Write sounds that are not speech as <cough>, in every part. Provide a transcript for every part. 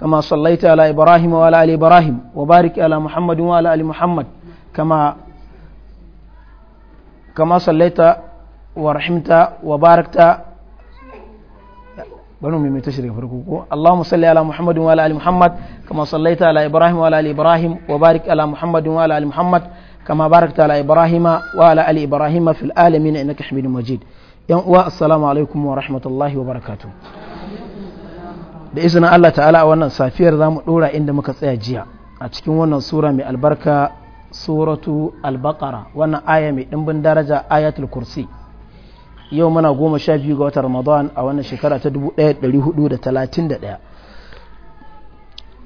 كما صليت على إبراهيم وعلى آل إبراهيم وبارك على محمد وعلى آل محمد كما كما صليت ورحمت وباركت بنو ميمي تشريك فرقوكو اللهم صل على محمد وعلى آل محمد كما صليت على إبراهيم وعلى آل إبراهيم وبارك على محمد وعلى آل محمد كما باركت على إبراهيم وعلى آل إبراهيم في العالمين إنك حميد مجيد يوم السلام عليكم ورحمة الله وبركاته da izinin Allah ta'ala a wannan safiyar za mu ɗora inda muka tsaya jiya a cikin wannan sura mai albarka suratu albakara wannan aya mai ɗimbin daraja ayatul kursi yau muna goma sha biyu ga watan ramadan a wannan shekara ta 1431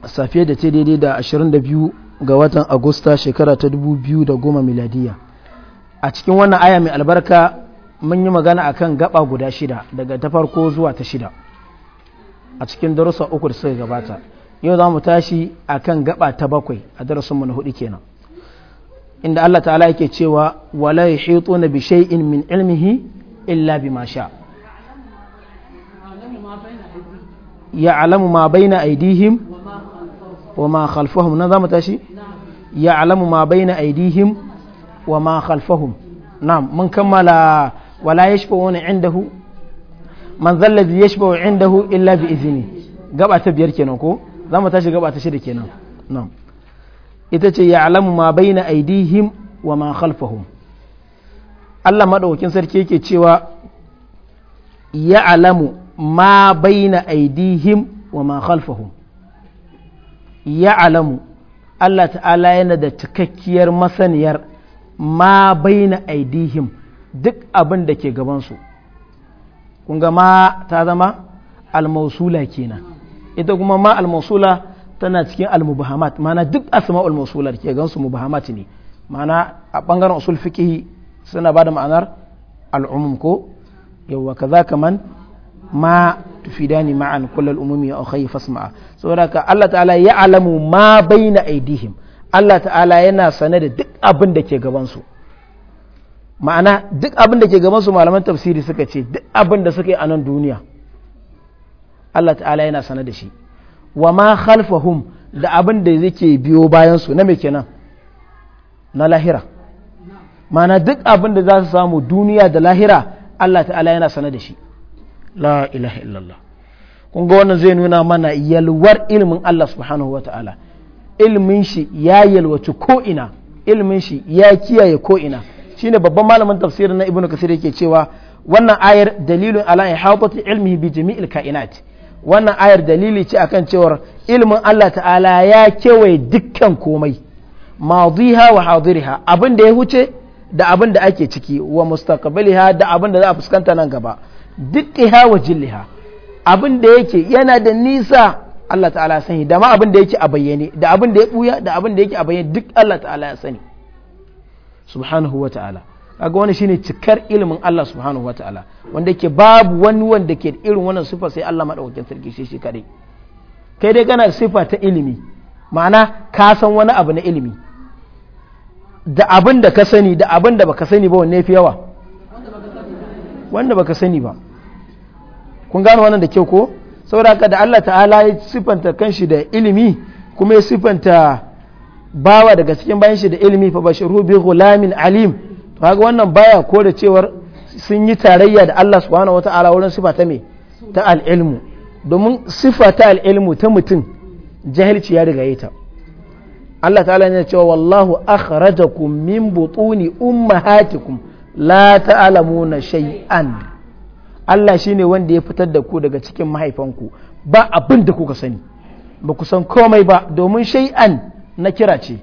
safiyar da ta daidai da 22 ga watan agusta shekara ta 2010 miladiya a cikin wannan aya mai albarka mun yi magana akan gaba guda shida daga ta farko zuwa ta shida a cikin darussa uku da suka gabata yau za mu tashi a kan gaba ta bakwai a darasinmu na hudu kenan inda Allah ta'ala yake cewa wala yuhitu na bi shay'in min ilmihi illa bi ma sha ya ya'lamu ma baina aydihim wa ma khalfahum na za mu tashi ya ya'lamu ma baina aydihim wa ma khalfahum na'am mun kammala wala ya yashfa wani indahu man zallazi yashba'u indahu illa bi izini gaba ta biyar kenan ko zamu tashi gaba ta shida kenan na'am ita ce ya alamu ma baina aidihim wa ma khalfahum Allah madaukakin sarki yake cewa ya alamu ma baina aidihim wa ma khalfahum alamu Allah ta'ala yana da cikakkiyar masaniyar ma baina aidihim duk abin da ke gabansu kun ga ma ta zama almausula kenan ita kuma ma almausula tana cikin almubahamat mana duk asma almausular ke gansu mubahamat ne mana a bangaren usul fiqh suna bada ma'anar al'umum ko yawa kaza kaman ma tufidani ma'an kullal umumi ya akhayi fasma'a saboda ka Allah ta'ala ya alamu ma baina aidihim Allah ta'ala yana sane da duk abin da ke gaban su ma'ana duk abin da ke ga su malaman tafsiri suka ce duk abin da suka yi a nan duniya Allah ta'ala yana sanar da shi wa ma khalfahum da abin da yake biyo bayan su na me kenan na lahira ma'ana duk abin da za su samu duniya da lahira Allah ta'ala yana sanar da shi la ilaha illallah kun ga wannan zai nuna mana yalwar ilmin Allah subhanahu wa ta'ala ilimin shi ya yalwaci ko ina ilimin shi ya kiyaye ko ina shine babban malamin tafsirin na ibnu kasir yake cewa wannan ayar dalilun ala ihatati ilmihi bi jami'il kainat wannan ayar dalili ce akan cewar ilmin Allah ta'ala ya kewaye dukkan komai madiha wa hadiriha abin da ya huce da abin da ake ciki wa mustaqbaliha da abin da za a fuskanta nan gaba dukkiha wa jilliha abin da yake yana da nisa Allah ta'ala sani da ma abin da yake a bayyane da abin da ya buya da abin da yake a bayyane duk Allah ta'ala ya sani subhanahu wa ta'ala kaga wani shine cikar ilimin Allah subhanahu wa ta'ala wanda ke babu wani wanda ke irin wannan sifa sai Allah madaukakin sarki shi shi kadai kai dai kana sifa ta ilimi ma'ana ka san wani abu na ilimi da abin da ka sani da abin da baka sani ba wanne fi yawa wanda baka sani ba kun gano wannan da kyau ko saboda haka da Allah ta'ala ya sifanta kanshi da ilimi kuma ya sifanta bawa daga cikin bayan shi da ilimi fa bashiru bi ghulamin alim to kaga wannan baya ko da cewar sun yi tarayya da Allah subhanahu wataala wurin sifa ta me ta al domin sifa ta al ta mutum jahilci ya riga ta Allah ta'ala ne cewa wallahu akhrajakum min butuni ummahatikum la ta'lamuna shay'an Allah shine wanda ya fitar da ku daga cikin mahaifanku ba abin da kuka sani ba ku san komai ba domin shay'an na kira ce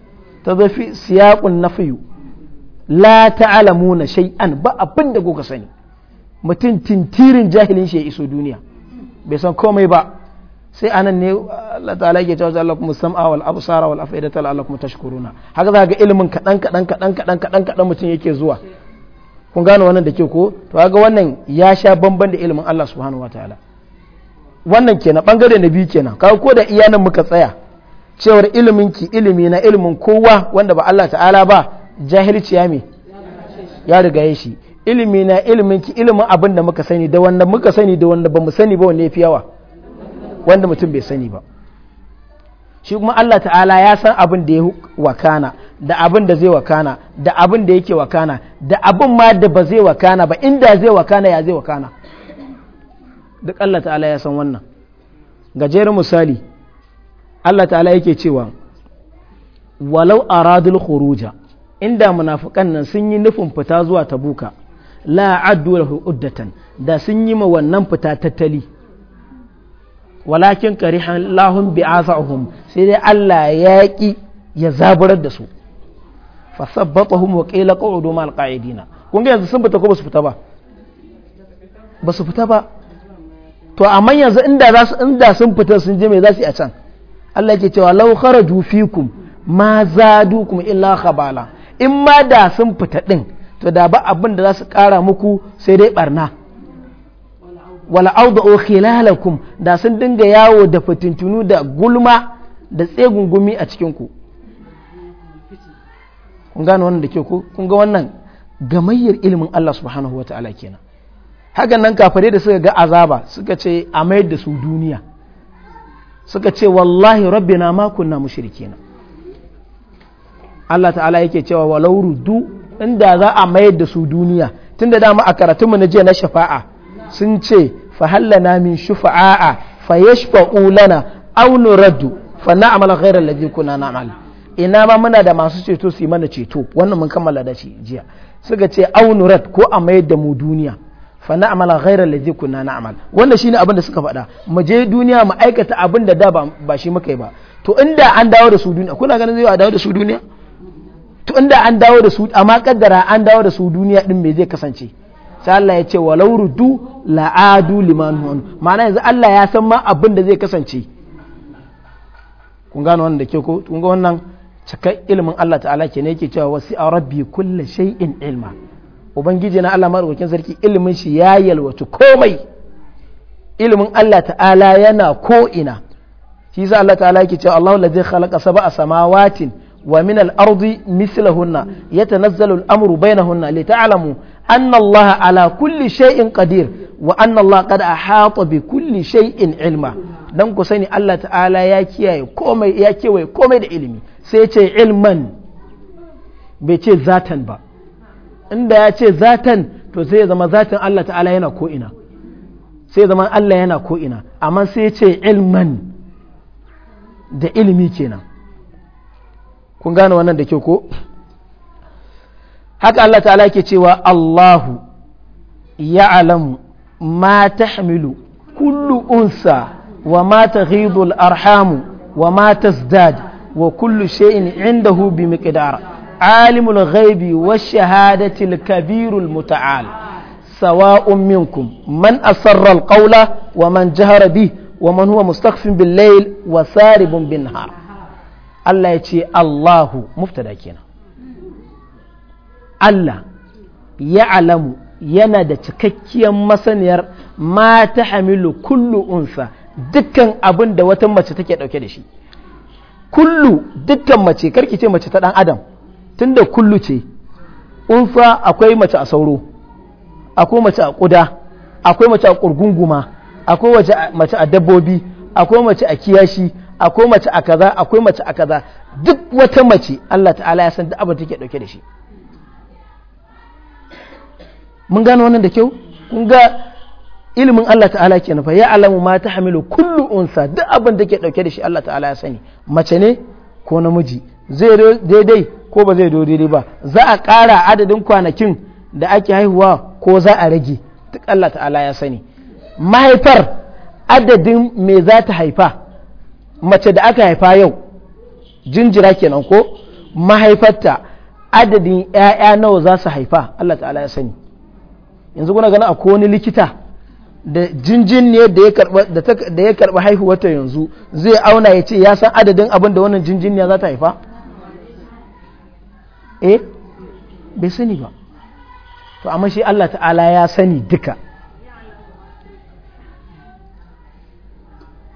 ta zafi na fiyu la ta'lamuna shay'an ba abin da kuka sani mutum tintirin jahilin shi ya iso duniya bai san komai ba sai anan ne Allah ta'ala ke cewa Allah kuma sam'a wal absara wal ta Allah kuma tashkuruna haka za ga ilimin kadan kadan kadan kadan kadan kadan mutum yake zuwa kun gane wannan da ke ko to kaga wannan ya sha bamban da ilimin Allah subhanahu wataala wannan kenan bangare na biyu kenan kaga ko da iyanan muka tsaya cewar iliminki ilimi na ilimin kowa wanda ba Allah ta'ala ba jahilci ya me ya riga shi ilimi na iliminki ilimin abin da muka sani da wanda muka sani da wanda ba mu sani ba wanda ya fi yawa wanda mutum bai sani ba shi kuma Allah ta'ala ya san abin da ya wakana da abin da zai wakana da abin da yake wakana da abin ma da ba zai wakana ba inda zai wakana ya zai wakana duk Allah ta'ala ya san wannan gajeren misali Allah ta'ala yake cewa walau aradul khuruja inda munafikan nan sun yi nufin fita zuwa tabuka la addu lahu uddatan da sun yi ma wannan fita tattali walakin karihan lahum bi'azahum sai dai Allah ya ki ya zaburar da su fasabbatahum wa qila qa'udu ma'al qa'idina kun ga yanzu sun fita ko ba su fita ba ba su fita ba to amma yanzu inda za su inda sun fita sun je me za su yi a can Allah ke cewa law kharaju fikum ma zadukum illa khabala in ma da sun fita din to da ba abin da za su kara muku sai dai barna wala auda khilalakum da sun dinga yawo da fitintunu da gulma da tsegungumi a cikin ku kun gane wannan da ke ku kun ga wannan gamayyar ilimin Allah subhanahu wa ta'ala kenan hakan nan kafare da suka ga azaba suka ce a mayar da su duniya suka ce wallahi rabbina na kunna na. Allah ta'ala yake cewa walau du inda za a mayar da su duniya tun tunda dama a karatunmu na jiya na shafa'a sun ce fa hallana min shufa'a fa yashfa'u ulana aw nuraddu fa na'mal ghayra alladhi kunna na'mal ina ma muna da masu ceto su yi mana ceto wannan mun kammala da shi jiya suka ce aw nurad ko a mayar da mu duniya fa na'mala ghayra allazi kunna na'mal wannan shine abin da suka faɗa mu je duniya mu aikata abin da da ba shi muka yi ba to inda an dawo da su duniya kuna ganin zai dawo da su duniya to inda an dawo da su amma kaddara an dawo da su duniya din me zai kasance sai Allah ya ce walau rudu la'adu liman hun ma'ana yanzu Allah ya san ma abin da zai kasance kun gano wannan da ke ko kun ga wannan cikakken ilimin Allah ta'ala ke ne yake cewa wasi a rabbi kullu shay'in ilma ubangiji na Allah madaukakin sarki ilimin shi ya yalwatu komai ilimin Allah ta'ala yana ko ina shi yasa Allah ta'ala yake cewa Allahu ladzi khalaqa sab'a samawatin wa min al-ardi mislahunna yatanazzalu al-amru bainahunna lita'lamu anna Allah ala kulli shay'in qadir wa anna Allah qad ahata bi kulli shay'in ilma dan ku sani Allah ta'ala ya kiyaye komai ya kewaye komai da ilimi sai ce ilman bai ce zatan ba inda ya ce zatan to sai ya zama Allah ta'ala yana ko'ina sai zama Allah yana ko'ina amma sai ya ce ilman da ilimi kenan kun gane wannan da kyau ko haka Allah ta'ala yake cewa Allahu ya'lamu ma tahmilu kullu unsa wa ma taghidu arhamu wa ma tazdad wa kullu shay'in indahu bi miqdar alimul ghaibi والشهادة الكبير المتعال سواء منكم من أسر القول ومن جهر به ومن هو مستخف بالليل وسارب بالنهار الله يتي الله مفتدى كينا الله يعلم yana da cikakkiyar masaniyar mata ta hamilu kullu unsa dukkan abin da wata mace take dauke da shi kullu dukkan mace karki ce mace ta ɗan adam Tun da kullu ce unsa akwai mace a sauro akwai mace a kuda akwai mace a kurgunguma akwai mace a dabbobi akwai mace a kiyashi akwai mace a kaza akwai mace a kaza duk wata mace Allah ta'ala ya san duk abin take dauke da shi mun gano wannan da kyau kun ga ilimin Allah ta'ala kenan fa ya alamu ma ta hamilu kullu unsa duk abin da ke dauke da shi Allah ta'ala ya sani mace ne ko namiji zai daidai ko ba zai daidai ba za a ƙara adadin kwanakin da ake haihuwa ko za a rage duk Allah ta'ala ya sani mahaifar adadin me za ta haifa mace da aka haifa yau jinjira kenan ko mahaifarta adadin 'ya'ya nawa za su haifa Allah ta'ala ya sani yanzu kuna gani akwai wani likita da jinjin ne da ya karba haihuwarta yanzu zai auna ya ce ya san adadin abin da wannan jinjin ne za ta haifa E? bai sani ba to amma shi Allah ta'ala ya sani duka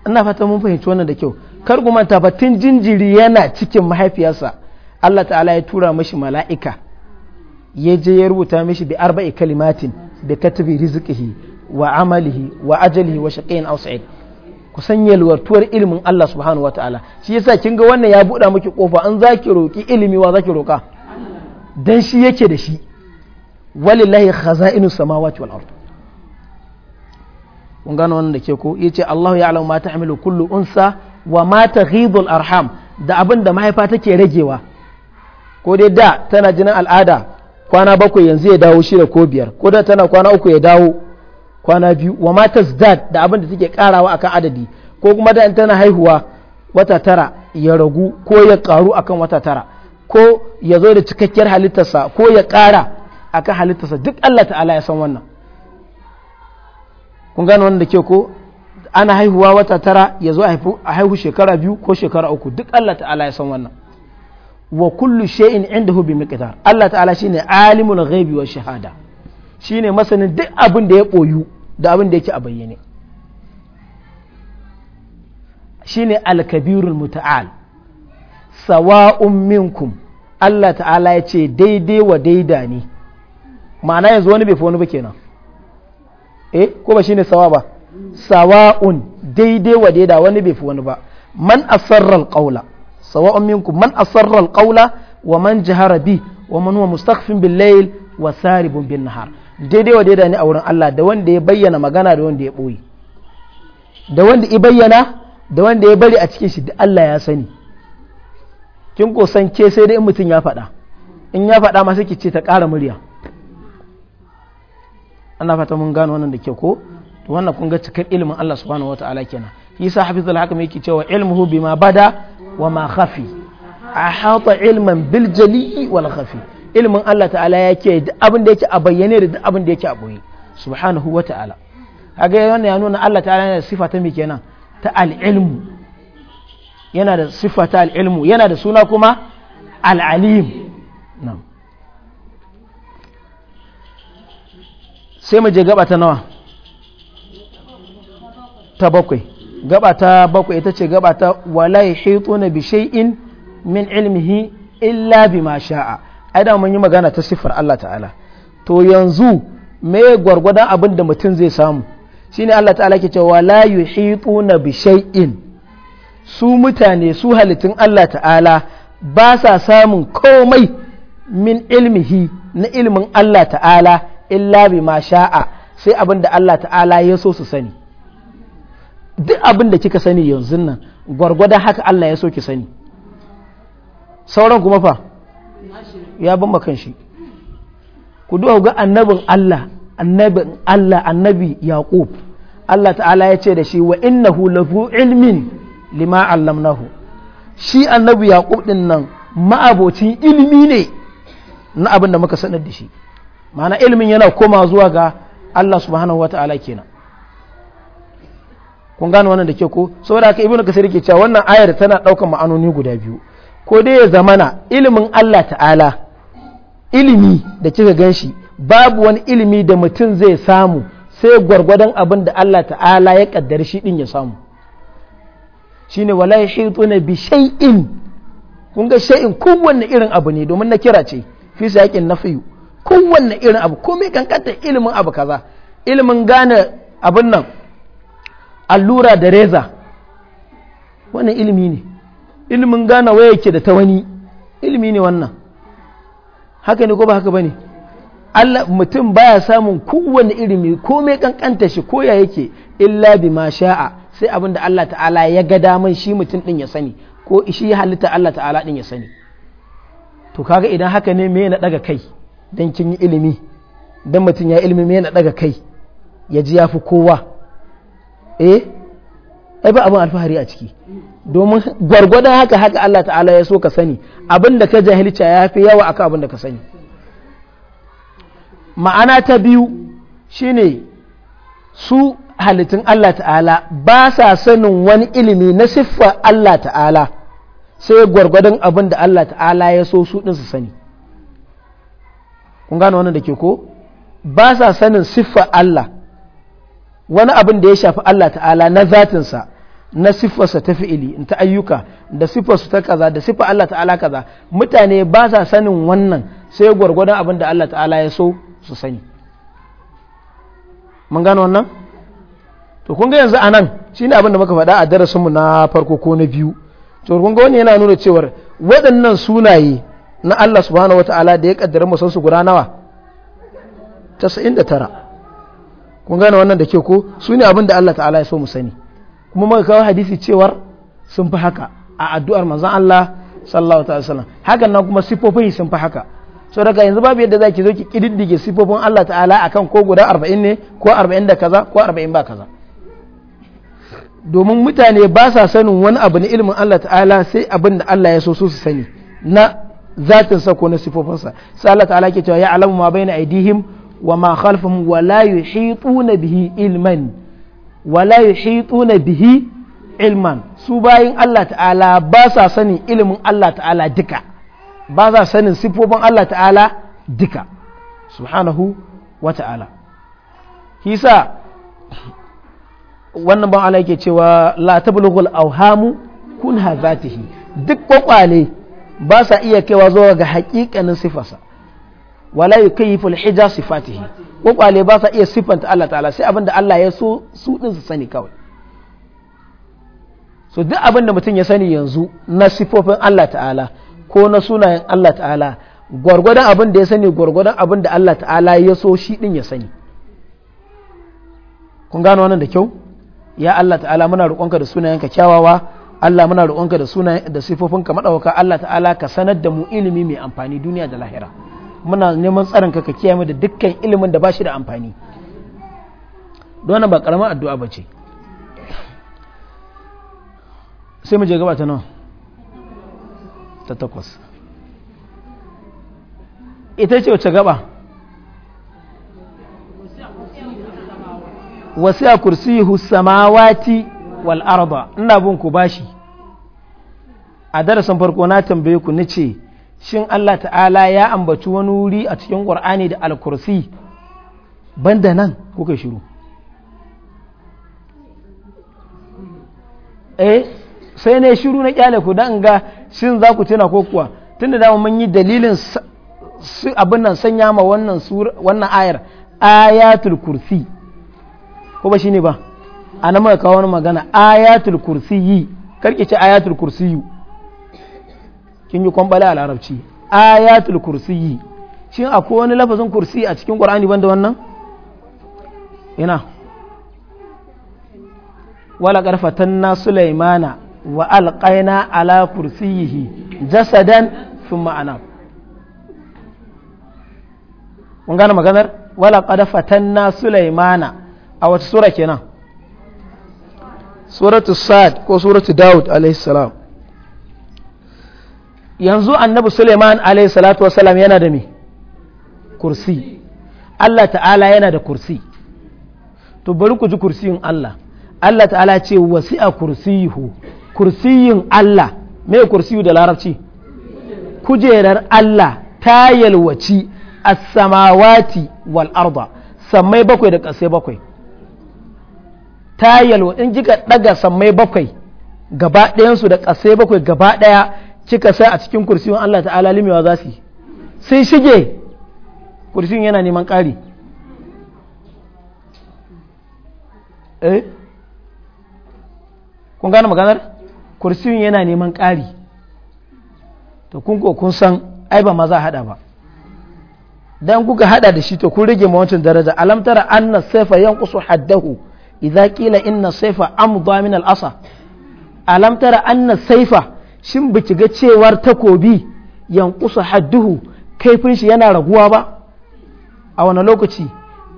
ina fata mun fahimci wannan da kyau kar gumanta ba tun jinjiri yana cikin mahaifiyarsa Allah ta'ala ya tura mashi mala'ika ya je ya rubuta mashi bi arba'i kalimatin da katabi rizqihi wa amalihi wa ajalihi wa shaqiyyin aw sa'id ku san yalwartuwar ilimin Allah subhanahu wataala shi yasa kin ga wannan ya buɗa miki kofa an zaki roki ilimi wa zaki roka dan shi yake da shi walillahi khaza'inu samawati wal ard kun gano wannan da ke ko yace Allahu ya'lamu ma ta'malu kullu unsa wa ma taghidul arham da abin da mahaifa take ragewa ko dai da tana jinan al'ada kwana bakwai yanzu ya dawo shi da ko biyar ko da tana kwana uku ya dawo kwana biyu wa ma tazdad da abin da take karawa akan adadi ko kuma da in tana haihuwa wata tara ya ragu ko ya karu akan wata tara ko ya zo da cikakkiyar halittarsa ko ya ƙara a akan halittarsa duk Allah ta'ala ya san wannan kun gane wannan ke ko ana haihuwa wata tara ya zo a haihu shekara biyu ko shekara uku duk Allah ta'ala ya san wannan wa kullu shay'in indahu bi miqdar Allah ta'ala shine alimul ghaibi wa shahada shine masanin duk abin da ya boyu da abin da yake a bayyane shine al-kabirul muta'al sawa'un minkum Allah ta'ala ya ce daidai wa daida ne ma'ana yanzu wani bai fi wani ba kenan eh ko ba shine sawa ba sawa'un daidai wa daida wani bai fi wani ba man asarra alqaula sawa'un minkum man asarra alqaula wa man jahara bi wa man huwa mustakhfin bil layl wa saribun bin nahar daidai wa daida ne a wurin Allah da wanda ya bayyana magana da wanda ya boye da wanda ya bayyana da wanda ya bari a cikin shi da Allah ya sani kin ko san ke sai dai in mutum ya faɗa in ya faɗa ma sai ki ce ta ƙara murya ana fata mun gano wannan da ke ko to wannan kun ga cikar ilimin Allah subhanahu ta'ala kenan yasa hafizul hakim yake cewa ilmuhu bima bada wa ma khafi ahata ilman bil jali wal khafi ilmin Allah ta'ala yake duk abin da yake a bayyane da duk abin da yake a boye subhanahu wataala kaga wannan ya nuna Allah ta'ala yana sifa ta mi kenan ta al ilmu yana da siffata al'ilmu yana da suna kuma al'alim sai mu je gaba ta nawa ta bakwai gaba ta bakwai ita ce gaba ta walaye haito na bishai'in min ilmihi illa bi ma sha'a ai da mun yi magana ta siffar Allah ta'ala to yanzu me gwargwadon abin da mutum zai samu shine Allah ta'ala ke cewa la yuhituna bi shay'in su mutane su halittun Allah ta'ala ba sa samun komai min ilmihi na ilmin Allah ta'ala illa bi ma sha'a sai abin da Allah ta'ala ya so su sani duk abin da kika sani yanzu nan gwargwada haka Allah ya so ki sani sauran kuma fa ya ban makan shi ku duwa ga annabin Allah annabin Allah annabi Yaqub Allah ta'ala ya ce da shi wa innahu lahu ilmin lima allamnahu shi annabi yaqub din nan ma'abocin ilimi ne na abin da muka sanar da shi ma'ana ilimin yana koma zuwa ga Allah subhanahu wata'ala kenan kun gane wannan da ke ko saboda haka ibnu kasir ke cewa wannan ayar tana daukan ma'anoni guda biyu ko dai ya zamana ilimin Allah ta'ala ilimi da kika ganshi babu wani ilimi da mutum zai samu sai gwargwadon abin da Allah ta'ala ya kaddar shi din ya samu Shi shine wala ne bi shay'in kun ga shay'in kowanne irin abu ne domin na kira ce fi na fiyu kowanne irin abu komai kankanta ilimin abu kaza ilimin gane abin nan allura da reza wannan ilimi ne ilimin gane waya ke da ta wani ilimi ne wannan haka ne ko ba haka ba ne Allah mutum baya samun kowanne ilimi komai kankanta shi koya ya yake illa bi ma sha'a sai abin da Allah ta'ala ya ga daman shi mutum ɗin ya sani ko shi ya halitta Allah ta'ala din ya sani to kaga idan haka ne me na daga kai don kin yi ilimi don mutum ya ilimi me na daga kai ya ji ya fi kowa eh ai ba abin alfahari a ciki domin gwargwadon haka haka Allah ta'ala ya so ka sani abin da ka jahilci ya fi yawa akan abin da ka sani ma'ana ta biyu shine su halittun Allah ta'ala ba sa sanin wani ilimi na siffa Allah ta'ala sai gwargwadon abin da Allah ta'ala ya so su ɗinsu sani kun gane wannan da ke ko ba sa sanin siffa Allah wani abin da ya shafi Allah ta'ala na zatinsa na siffarsa ta fi'ili ta ayyuka da siffarsu ta kaza da siffa Allah ta'ala kaza mutane ba sa sanin wannan sai gwargwadon abin da Allah ta'ala ya so su sani mun gano wannan to kun ga yanzu a shi ne abin da muka faɗa a darasinmu na farko ko na biyu to kun ga wani yana nuna cewar waɗannan sunaye na Allah subhanahu ta'ala da ya kaddara mu su guda nawa 99 kun gane wannan da ke ko su ne abin da Allah ta'ala ya so mu sani kuma muka kawo hadisi cewar sun fi haka a addu'ar manzon Allah sallallahu alaihi wasallam hakan nan kuma sifofin sun fi haka so daga yanzu babu yadda zaki zo ki kididdige sifofin Allah ta'ala akan ko guda 40 ne ko 40 da kaza ko 40 ba kaza domin mutane ba sa sanin wani abu na ilimin Allah ta'ala sai abin da Allah ya so su sani na zatinsa ko na sifofinsa sai Allah ta'ala ke cewa ya alamu ma na aidihim wa ma khalfahum wa la yuhituna bihi ilman wa la yuhituna bihi ilman su bayin Allah ta'ala ba sa sanin ilimin Allah ta'ala duka ba sa sanin sifofin Allah ta'ala duka subhanahu wa ta'ala hisa wannan ban Allah yake cewa la tablughul awhamu kun yi duk kwakwale ba sa iya kaiwa zuwa ga haƙiƙanin sifarsa wala yukayyifu alhija sifatihi kwakwale ba sa iya sifanta Allah ta'ala sai abin da Allah ya so su din su sani kawai so duk abin da mutum ya sani yanzu na sifofin Allah ta'ala ko na sunayen Allah ta'ala gwargwadon abin da ya sani gwargwadon abin da Allah ta'ala ya so shi din ya sani kun gano wannan da kyau ya Allah ta'ala muna roƙonka da sunayenka kyawawa Allah muna roƙonka da suna da sifofinka madawaka Allah ta'ala ka sanar da mu ilimi mai amfani duniya da lahira muna neman tsarin ka kiyaye da dukkan ilimin da ba da amfani don ba karamar addu'a ba ce sai mu je gaba ta nawa ta takwas ita ce wacce gaba wasu a kursi samawati wal'arba ina bin ku bashi a darasin farko na tambaye ku na ce shin Allah ta'ala ya ambaci wani wuri a cikin ƙwar'ani da alkursi banda nan kuka shiru eh sai ne shiru na kyale ku don ga shin za ku tuna ko kuwa tunda da mun yi dalilin abin nan sanya ma wannan ayar ayatul kursi ko ba shi ne ba a nan muka kawo wani magana ayatul kursiyi karki ce ayatul kursiyu kin yi kwambala a larabci ayatul kursiyi shin akwai wani lafazin kursi a cikin ƙwar'ani banda wannan ina wala ƙarfatan na sulaimana wa alƙaina ala kursiyihi jasadan sun ma'ana mun gane maganar wala ƙarfatan na sulaimana a wata sura kenan suratu sa'ad ko suratu daud alaihissalam yanzu annabi suleiman alaihissalatu wasalam yana da me kursi allah ta'ala yana da kursi to bari ku ji kursiyin allah allah ta'ala ce wasi'a kursiyihu kursiyin allah me kursiyu da larabci kujerar allah ta yalwaci as-samawati wal arda sammai bakwai da ƙasai bakwai ta yalwa in kika daga sammai bakwai gaba ɗayansu da ƙasa bakwai gaba ɗaya kika sai a cikin kursiyon Allah ta'ala limewa za su yi sun shige kursiyon yana neman ƙari eh kun gane maganar kursiyon yana neman ƙari to kun ko kun san ai ba ma za a haɗa ba dan kuka haɗa da shi to kun rage ma wancan daraja alamtara anna sayfa yanqusu haddahu idza qila inna saifa amdha min al-asa alam tara anna saifa shin bici ga cewar takobi yankusa hadduhu kaifin shi yana raguwa ba a wani lokaci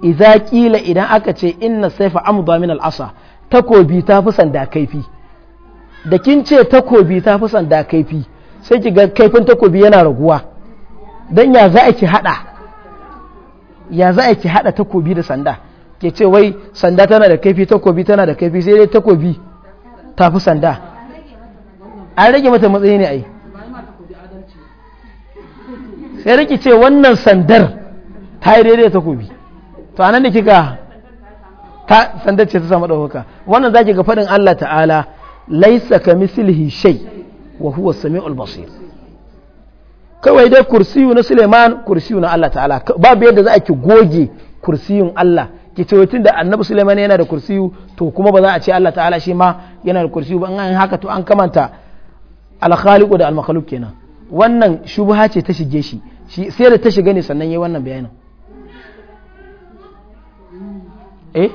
idza qila idan aka ce inna saifa amdha min al-asa takobi ta fi sanda kaifi da kin ce takobi ta fi sanda kaifi sai ki ga kaifin takobi yana raguwa dan ya za a ki hada ya za a ki hada takobi da sanda ke ce wai sanda tana da kaifi takobi tana da kaifi sai dai takobi ta fi sanda an rage mata matsayi ne ai sai rike ce wannan sandar ta yi daidai takobi to anan da kika ta sandar ce ta samu ɗaukaka wannan za ki ga faɗin Allah ta'ala laisa ka mislihi shay wa huwa sami'ul basir kawai dai kursiyu na Suleiman kursiyu na Allah ta'ala babu yadda za ki goge kursiyun Allah ki ce da annabi Sulaiman yana da kursiyu to kuma ba za a ce Allah ta'ala shi ma yana da kursiyu ba an haka to an kamanta al-khaliqu da al-makhluq kenan wannan shubha ce ta shige shi sai da ta shiga ne sannan yayi wannan bayanin eh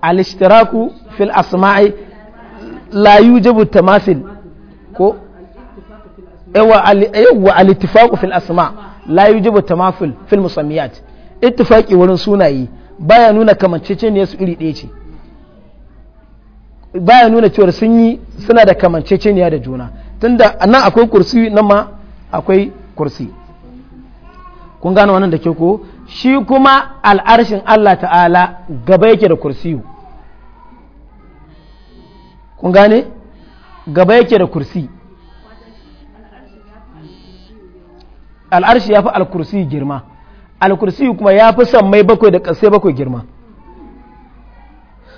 al-ishtiraku fil asma'i la yujibu tamasil ko yawa al-ittifaqu fil asma' la yujibu tamafil fil musammiyat ittifaqi wurin sunaye baya nuna kamanceceniya su iri ɗaya ce baya nuna cewa sun yi suna da kamanceceniya da juna tunda nan akwai kursi nan ma akwai kursi kun gane wannan da ke ko shi kuma al'arshin Allah ta'ala gaba yake da kursi kun gane gaba yake da kursi al'arshi ya fi alkursi girma alkursi kuma ya fi sammai bakwai da ƙasai bakwai girma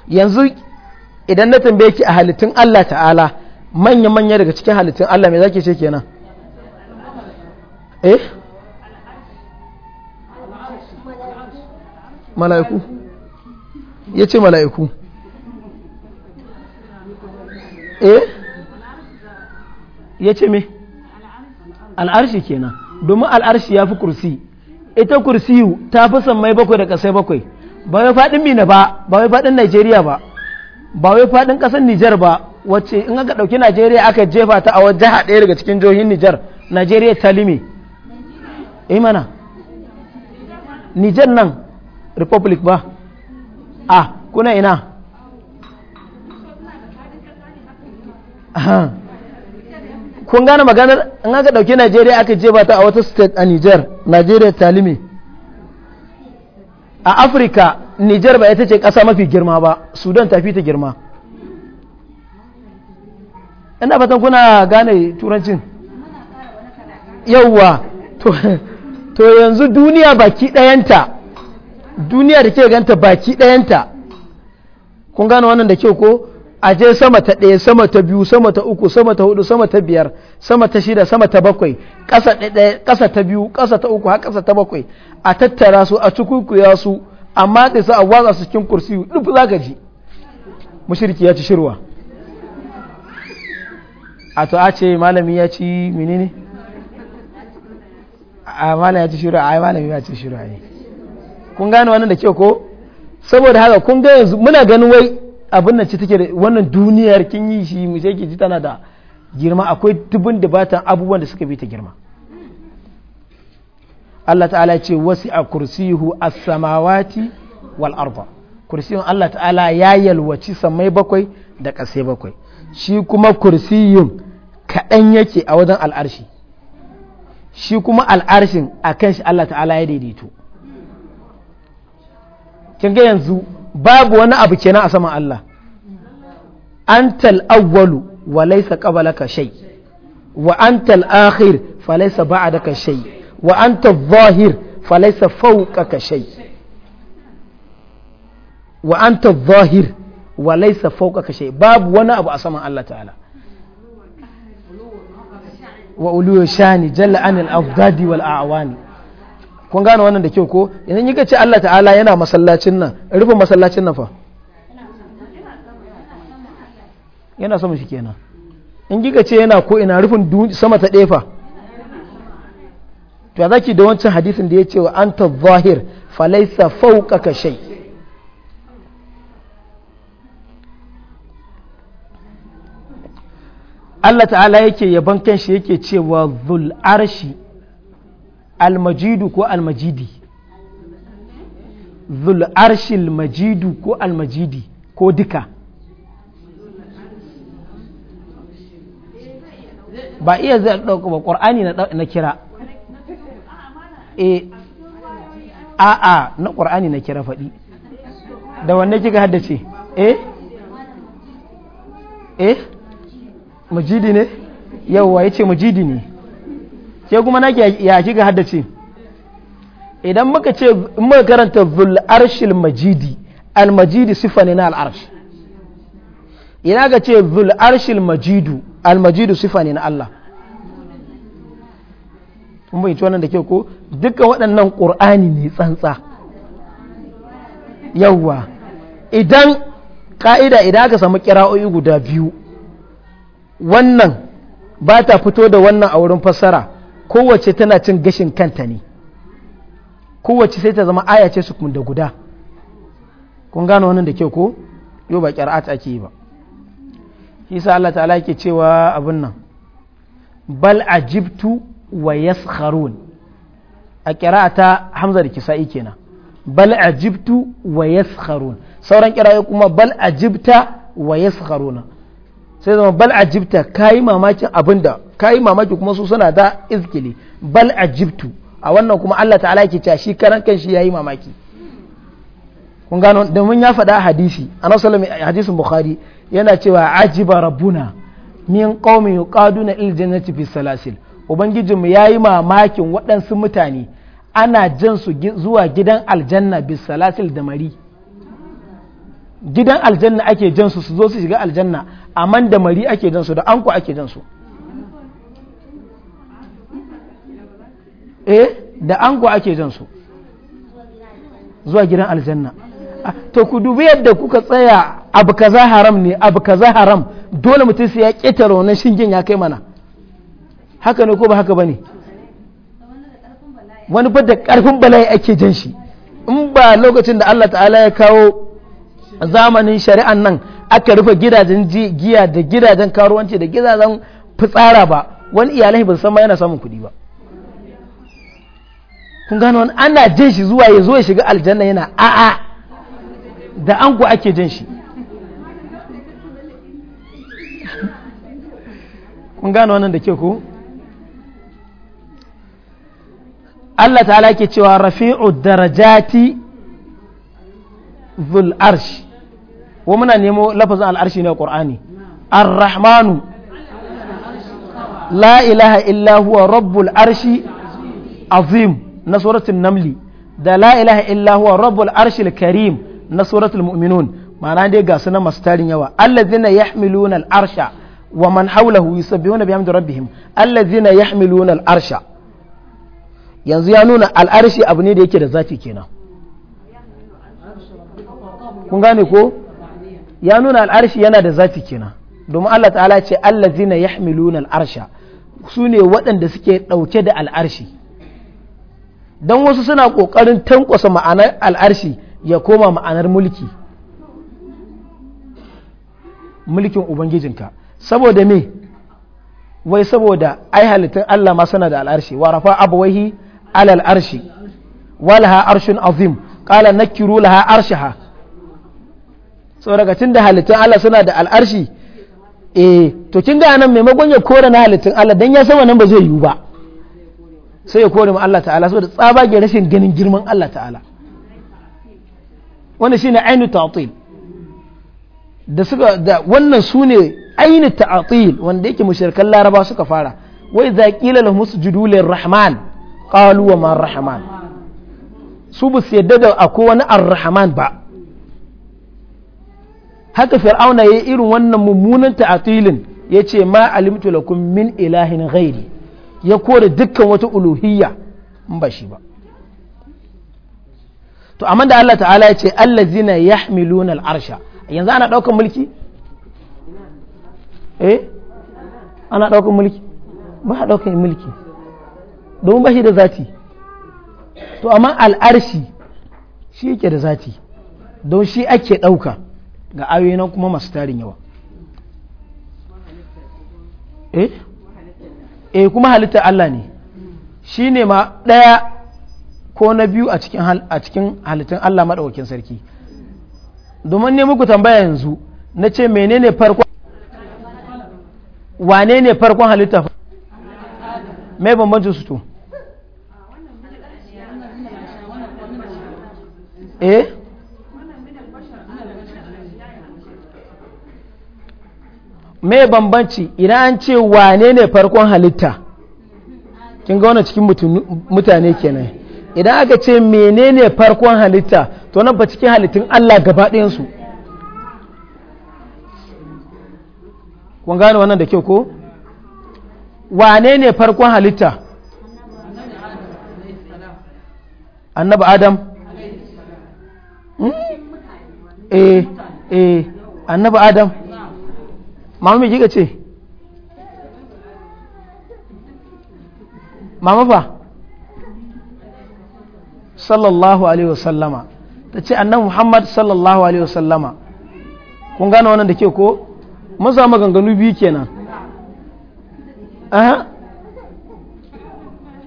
yanzu idan na tambaye ki a halittun Allah ta'ala manya-manya daga cikin halittun Allah mai zaki ce kenan eh mala'iku ya ce mala'iku eh ya ce me al'arshi kenan domin al'arshi ya fi kursi ita kursiyu ta fi sammai bakwai da kasai bakwai ba wai faɗin mina ba ba wai faɗin najeriya ba ba wai faɗin ƙasar nijar ba wacce in aka ɗauki nigeria aka jefa ta a wajen ɗaya daga cikin jihohin nijar nigeria ta lime imana eh nijar nan republic ba a ah, kuna ina kun gane maganar in aka dauke Najeriya aka je ta a wata state a Niger Najeriya talimi a Afirka Niger ba ita ce ƙasa mafi girma ba Sudan tafi ta girma ina fatan kuna gane turancin yauwa to yanzu duniya baki ɗayanta duniya da ke ganta baki ɗayanta kun gane wannan da kyau ko a je sama ta ɗaya sama ta biyu sama ta uku sama ta hudu sama ta biyar sama ta shida sama ta bakwai ƙasa ɗaya ƙasa ta biyu ƙasa ta uku har ƙasa ta bakwai a tattara su a cikukuya su amma ɗaya su a watsa su cikin kursi duk za ka ji mushriki ya ci shirwa a to a ce malami ya ci menene a malami ya ci shirwa a malami ya ci shirwa ne kun gane wannan da ke ko saboda haka kun ga yanzu muna ganin wai abin nan ce take da wannan duniyar kin yi shi mu sai ki ji tana da girma akwai dubin dubatan abubuwan da suka bi ta girma Allah ta'ala ce wasi a kursihu as-samawati wal arda kursiyun Allah ta'ala ya yalwaci samai bakwai da kase bakwai shi kuma kursiyun kaɗan yake a wajen al'arshi shi kuma al'arshin a kan shi Allah ta'ala ya daidaito kin ga yanzu babu wani abu kenan a saman Allah antal awwalu wa laysa qablaka shay wa antal akhir fa laysa ba'daka shay wa antal zahir fa laysa fawqaka shay wa antal zahir wa laysa fawqaka shay babu wani abu a saman Allah ta'ala wa uluyu shani jalla anil afdadi wal a'wani kun gane wannan da kyau ko yanzu yi ce Allah ta'ala yana masallacin nan rufe masallacin nan fa yana sama shi kenan in kika ce yana ko ina rufin sama ta ɗefa to za ki da wancan hadisin da ya ce wa ta zahir falaisa fauka ka shai Allah ta'ala yake yaban kanshi yake cewa zul arshi almajidu ko almajidi zul arshil majidu ko almajidi ko duka ba iya zai ɗauka ba ƙwar'ani na kira e a'a na ƙwar'ani na kira faɗi da wanne kika haddace eh eh majidi ne yawwa ya ce majidi ne sai kuma na ya kika haddace idan muka ce muka karanta zul arshil majidi al majidi sifa ne na al'arshi idan ina ga ce zul arshil majidu al majidu sifa ne na Allah kun bai ci wannan da ke ko dukkan waɗannan ƙur'ani ne tsantsa yawwa idan ka'ida idan aka samu kira'o'i guda biyu wannan ba ta fito da wannan a wurin fassara kowace tana cin gashin kanta ne kowace sai ta zama aya ce su da guda kun gano wannan da kyau ko yau ba ƙyar'at ake yi ba sa Allah ta'ala yake cewa abin nan bal ajibtu wa yaskharun a ƙira'ata hamza da kisa'i kenan bal ajibtu wa yaskharun sauran ƙira'a kuma bal ajibta wa yaskharuna sai zama bal ka kayi mamakin abinda kayi mamaki kuma su suna da izkili bal jibtu a wannan kuma Allah ta'ala yake cewa shi karan kanshi yi mamaki kun gano domin ya faɗa hadisi annabi sallallahu a hadisin bukhari yana cewa ajiba rabbuna min qaumin yuqaduna il jannati fi salasil ubangijin mu yayi mamakin waɗansu mutane ana jan su zuwa gidan aljanna bi salasil da mari gidan aljanna ake jan su su zo su shiga aljanna a man da mari ake jan su da anko ake jan su eh da anko ake jan su zuwa gidan aljanna to ku dubi yadda kuka tsaya abu kaza haram ne abu kaza haram dole mutum sai ya ƙetare wannan shingen ya kai mana haka ne ko ba haka bane wani ba da karfin bala'i ake jan shi in ba lokacin da Allah ta'ala ya kawo zamanin shari'an nan aka rufe gidajen giya da gidajen karuwanci da gidajen fitsara ba wani iyalai ba san ma yana samun kuɗi ba kun gano wani ana jin shi zuwa ya zo ya shiga aljanna yana a'a da ku ake jin shi <laughs> kun gano wannan da ke ku Allah ta'ala ke cewa rafi'u darajati zul arshi wa muna nemo lafazin al'arshi na qur'ani ar-rahmanu la ilaha illa huwa rabbul arshi azim na suratul namli da la ilaha illa huwa rabbul arshil karim na suratul mu'minun ma'ana dai ga sunan masu tarin yawa allazina yahmiluna al-arsha wa man hawlahu yusabbihuna bihamdi rabbihim allazina yahmiluna al-arsha yanzu ya nuna al'arshi abu ne da yake da zafi kenan kun gane ko ya nuna al'arshi yana da zafi kenan domin Allah ta'ala ce allazina yahmiluna al'arsha su ne waɗanda suke ɗauke da al'arshi don wasu suna ƙoƙarin tankwasa ma'anar al'arshi ya koma ma'anar mulki mulkin ubangijinka saboda me wai saboda ai halittun Allah ma suna da al'arshi wa rafa abuwahi alal arshi walaha arshin azim qala nakiru laha arshaha tsoraka tun da halittun Allah suna da al'arshi eh to kin ga nan maimakon ya kore na halittun Allah dan ya san wannan ba zai yiwu ba sai ya kore mu Allah ta'ala saboda tsabage rashin ganin girman Allah ta'ala wannan shine ainu ta'til da suka da wannan sune ainu ta'til wanda yake mushrikan laraba suka fara wai kila la musjudu lir rahman qalu wa ma rahman su bu yadda da akwai wani rahman ba haka fir'auna yayi irin wannan mummunan ta'atilin ce ma alimtu lakum min ilahin ghairi ya kore dukkan wata uluhiyya in ba shi ba to amma da Allah ta'ala ya ce allazina yahmiluna al'arsha yanzu ana daukan mulki eh ana daukan mulki ba a daukan mulki don ba shi da zati to amma al'arshi shi yake da zati don shi ake dauka ga ayoyi nan kuma masu tarin yawa eh eh kuma halitta Allah ne shi ne ma ɗaya ko na biyu a cikin halittun Allah maɗaukakin sarki domin ne muku tambaya yanzu na ce menene farkon wane ne farkon halitta mai bambanci su to eh me bambanci idan an ce wane ne farkon halitta kin ga wani cikin mutane kenan idan aka ce menene farkon halitta to nan ba cikin halittun Allah gaba ɗayansu kun gane wannan da kyau ko wane ne farkon halitta annabi adam hmm? eh eh annabi adam mama me kika ce mama fa sallallahu alaihi wasallama ta ce annan muhammad sallallahu alaihi wasallama kun gane wannan da ke ko maza maganganu biyu kenan aha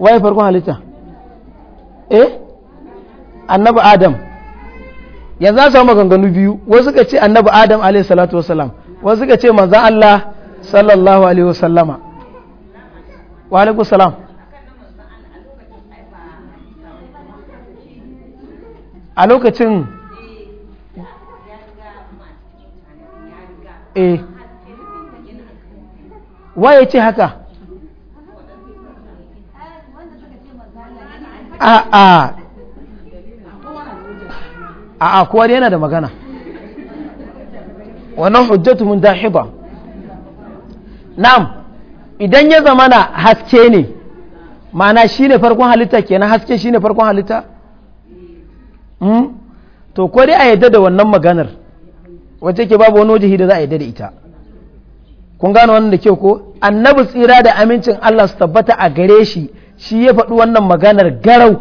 waye farkon halitta eh annabi adam yanzu za su maganganu biyu wasu ka ce annabi adam alaihi salatu wasallama wasu suka ce manzan Allah sallallahu alaihi wasallama wa alaikun salam a lokacin eh waye ce haka a a a a yana da magana wannan hujjatu mun dahiba na'am idan ya zama na haske ne mana shi ne farkon halitta kenan haske shi ne farkon halitta hmm? to kwari dai a yadda da wannan maganar wacce ke babu wani waje da za a yadda da ita kun gano wannan da kyau ko annabi tsira da amincin Allah su tabbata a gare shi shi ya faɗi wannan maganar garau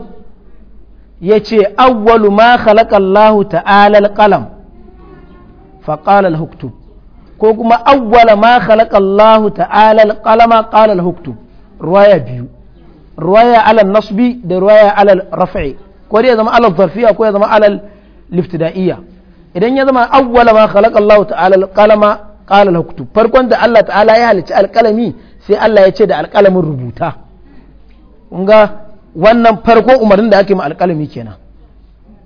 ya ce awwalu ma khalaqa Allahu ta'ala al فقال الهكتب كوكما أول ما خلق الله تعالى القلم قال الهكتب رواية بيو رواية على النصب ده رواية على الرفع كوري يزم على الظرفية كوري يزم على الابتدائية إذن يزم أول ما خلق الله تعالى القلم قال الهكتب فرقون ده الله تعالى يهلك القلمي سي الله يتشد القلم الربوتا ونغا wannan farko umarnin da ake ma alƙalami kenan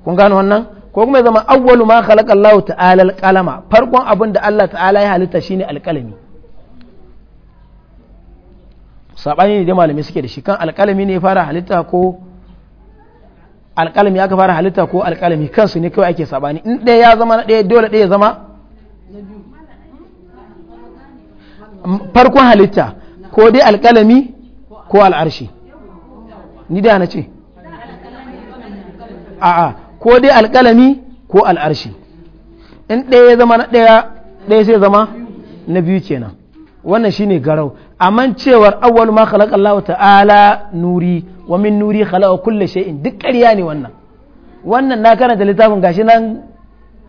kun gano wannan ko kuma ya zama awwalu ma khalaqa Allah ta'ala al-qalama farkon abin da Allah ta'ala ya halitta shine al-qalami sabani ne da malami suke da shi kan al-qalami ne ya fara halitta ko alqalami aka fara halitta ko al-qalami kansu ne kawai ake sabani in ɗaya ya zama ɗaya dole ɗaya ya zama farkon halitta ko dai al-qalami ko al-arshi ni da na ce a'a ko dai alkalami ko al'arshi in ɗaya ya zama na ɗaya ɗaya sai zama na biyu kenan wannan shine garau amma cewar awwal ma khalaqa Allahu ta'ala nuri wa min nuri khalaqa kulli shay'in duk ƙarya ne wannan wannan na karanta littafin gashi nan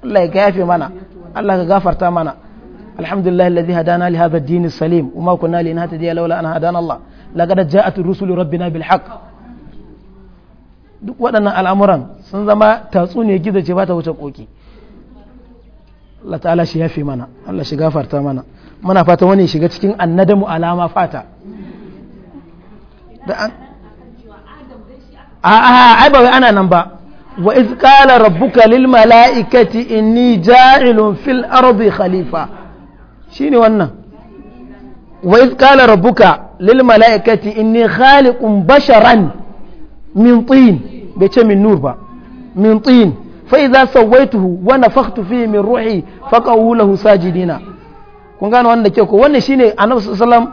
Allah ya yafe mana Allah ka gafarta mana alhamdulillah alladhi hadana li hadha ad-din as-salim wa ma kunna linahtadiya lawla an hadana Allah laqad ja'at rusulu rabbina bil haqq duk waɗannan al'amuran sun zama tatsuniya gizo ce ba ta wuce koki Allah ta'ala shi yafe mana Allah shi gafarta mana muna fata wani shiga cikin annadamu alama fata da an a ba wai ana nan ba wa iz qala rabbuka lil mala'ikati inni ja'ilun fil ardi khalifa shine wannan wa iz qala rabbuka lil mala'ikati inni khaliqun basharan min tin bai ce min nur ba min tin fa idza sawaituhu wa faktu fihi min ruhi wula lahu sajidina kun gane wannan ke ko wannan shine annabi sallallahu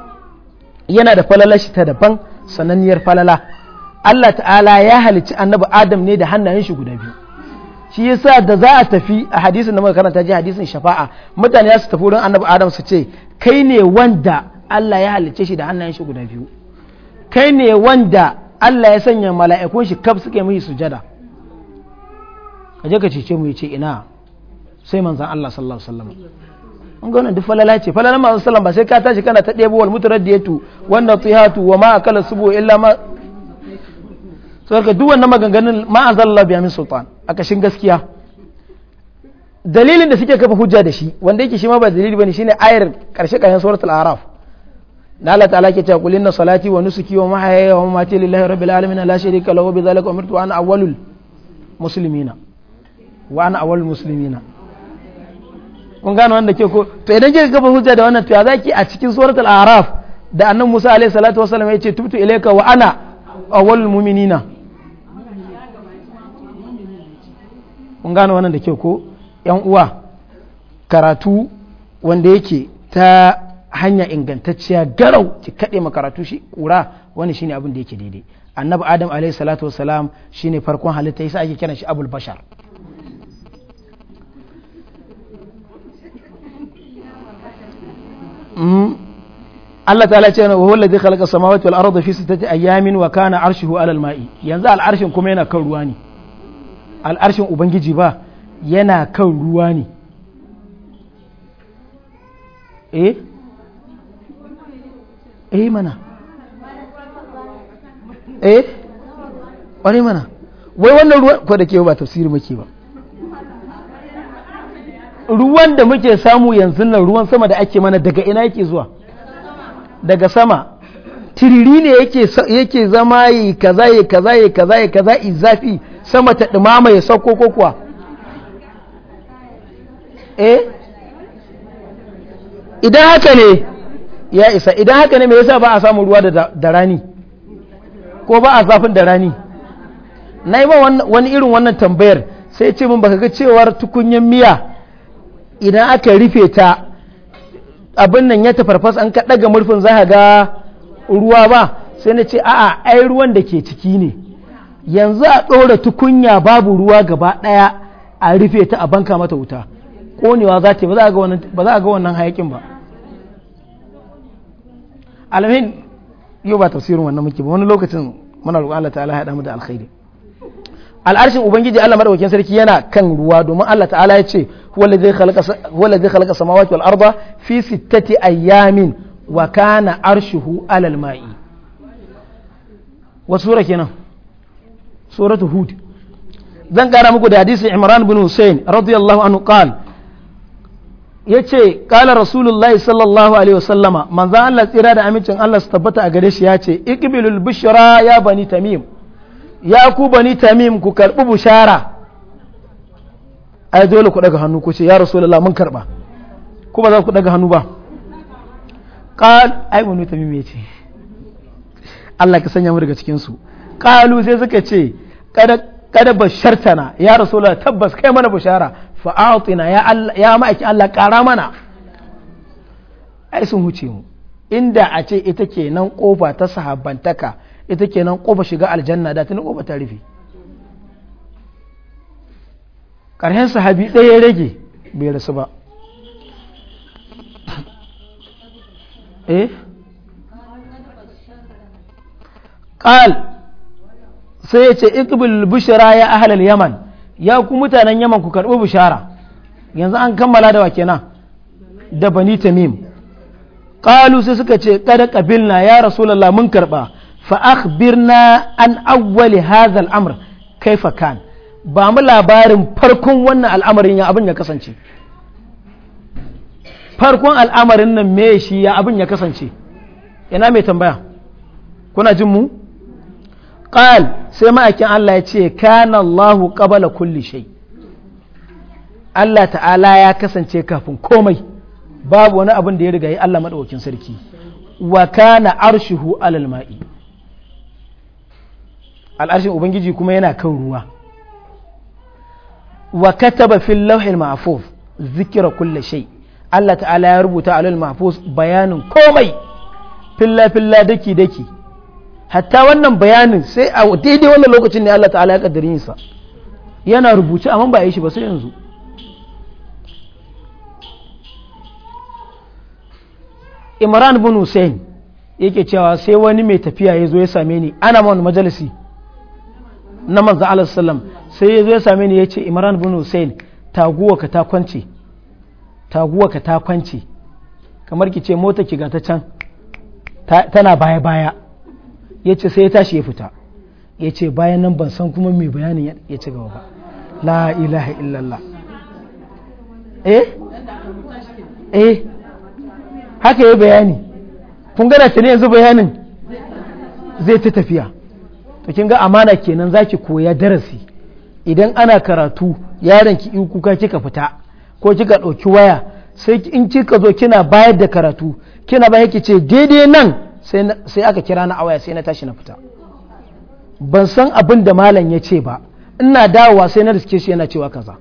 yana da falala shi ta daban sananniyar falala Allah ta'ala ya halicci annabi Adam ne da hannayen shi guda biyu shi yasa da za a tafi a hadisin da muka karanta ji hadisin shafa'a mutane za su tafi wurin annabi Adam su ce kai ne wanda Allah ya halicce shi da hannayen shi guda biyu kai ne wanda Allah ya sanya mala'ikun shi kaf suke mai sujada ka je ka cece mu ce ina sai manzan Allah sallallahu alaihi wasallam an ga duk falala ce falala manzon sallam ba sai ka tashi kana ta ɗebo wal tu wanda tu wa ma kala subu illa ma ka duk wannan maganganun ma zalla biya min sultan a kashin gaskiya dalilin da suke kafa hujja da shi wanda yake shi ma ba dalili shi shine ayar karshe kayan suratul araf da Allah ta'ala ke cewa kulinna salati wa nusuki wa mahayaya wa mamati lillahi rabbil alamin la sharika lahu bi dhalika umirtu ana awwalul muslimina wa ana awwalul muslimina kun gano wanda ke ko to idan kika kafa hujja da wannan to ya zaki a cikin suratul araf da annabi Musa alaihi salatu wasallam ya ce tubtu ilayka wa ana awwalul mu'minina kun gano wannan da ke ko yan uwa karatu wanda yake ta hanya ingantacciya garau ki kaɗe makaratu shi ƙura wani shine abin da yake daidai annabi adam alayhi salatu wasalam shine farkon halitta yasa ake kiran shi abul bashar hmm. Allah ta'ala ce wa huwa alladhi khalaqa samawati wal arda fi sittati ayamin wa kana arshuhu alal ma'i yanzu arshin kuma yana kan ruwa ne arshin ubangiji ba yana kan ruwa ne eh eh mana eh wani mana wai wannan ruwan ko da ke ba tafsiri muke ba ruwan da muke samu yanzu nan ruwan sama da ake mana daga ina yake zuwa daga sama tiriri ne yake zama yi kaza yi kaza yi kaza yi kaza yi zafi sama ta dumama ya sauko ko kuwa eh idan haka ne ya isa idan haka ne me yasa ba a samu ruwa da rani ko ba a zafin da rani na yi ma wani irin wannan tambayar sai ce min baka ga cewar tukunyen miya idan aka rufe ta abin nan ya tafarfas an ka murfin za ga ruwa ba sai na ce a'a ai ruwan da ke ciki ne yanzu a ɗora tukunya babu ruwa gaba ɗaya a rufe ta a banka mata wuta konewa za ta ba za a ga wannan hayakin ba alhamdulillah yau ba tafsirin wannan muke ba wani lokacin muna roƙon Allah ta'ala ya haɗa mu da alkhairi al'arshin ubangiji Allah madaukakin sarki yana kan ruwa domin Allah ta'ala ya ce huwa ladzi khalaqa samawati wal arda fi sittati ayyamin wa kana arshuhu alal ma'i wa sura kenan suratu hud zan kara muku da hadisin imran bin husayn radiyallahu anhu qala ya ce ƙala rasulullahi sallallahu alaihi wasallama manzan Allah tsira da amincin Allah su tabbata a gare shi ya ce iqbilul bushra ya bani tamim ya ku bani tamim ku karɓi bushara ai dole ku daga hannu ku ce ya rasulullah mun karɓa ku ba za ku daga hannu ba qal ai bani tamim ya ce Allah ka sanya mu daga cikin su qalu sai suka ce kada kada bashartana ya rasulullah tabbas kai mana bashara fa atina ya Allah ya ma'aiki Allah kara mana ai sun huce mu inda a ce ita kenan kofa ta sahabbantaka ita kenan kofa shiga aljanna da tana kofa ta rufe ƙarshen sahabi ɗaya ya rage bai rasu ba <coughs> eh sai ya ce iqbil bishara ya ahlal yaman ya ku mutanen yaman ku karɓi bushara yanzu an kammala da wa da bani tamim qalu sai suka ce kada qabilna ya rasulullah mun karba fa akhbirna an awwal hadha al-amr kaifa kan ba mu labarin farkon wannan al'amarin ya abin ya kasance farkon al'amarin nan me shi ya abin ya kasance ina mai tambaya kuna jin mu qal sai ma'aikin Allah ya ce kana Allahu qabala kulli shay Allah ta'ala ya kasance kafin komai babu wani abin da ya riga yi Allah madaukakin sarki wa kana arshuhu alal ma'i al'arshin ubangiji kuma yana kan ruwa wa kataba fil lawhil mahfuz zikra kulli shay Allah ta'ala ya rubuta alal mahfuz bayanin komai fillafilla daki daki hatta wannan bayanin sai a daidai wannan lokacin ne Allah ta'ala ya kaddare yinsa yana rubuce amma ba a yi shi ba sai yanzu imran bin hussein yake cewa sai wani mai tafiya ya zo ya same ni ana man majalisi na manzan Allah sallam sai ya zo ya same ni ya ce imran bin hussein taguwa ka ta kwance taguwa ka ta kwance kamar ki ce mota ki ga ta can tana baya baya ya ce sai ya tashi ya fita ya ce bayan nan ban san kuma mai bayanin ya ci gaba ba la ilaha illallah eh eh haka ya bayani kun gana ta ne yanzu bayanin zai ta tafiya to kin ga amana kenan zaki koya darasi idan ana karatu yaron ki kuka kika fita ko kika ɗauki waya sai in kika zo kina bayar da karatu kina bayar ki ce daidai nan sai aka kira na awaya sai na tashi na fita ban san abin da malam ya ce ba ina dawowa sai na riske shi yana cewa kaza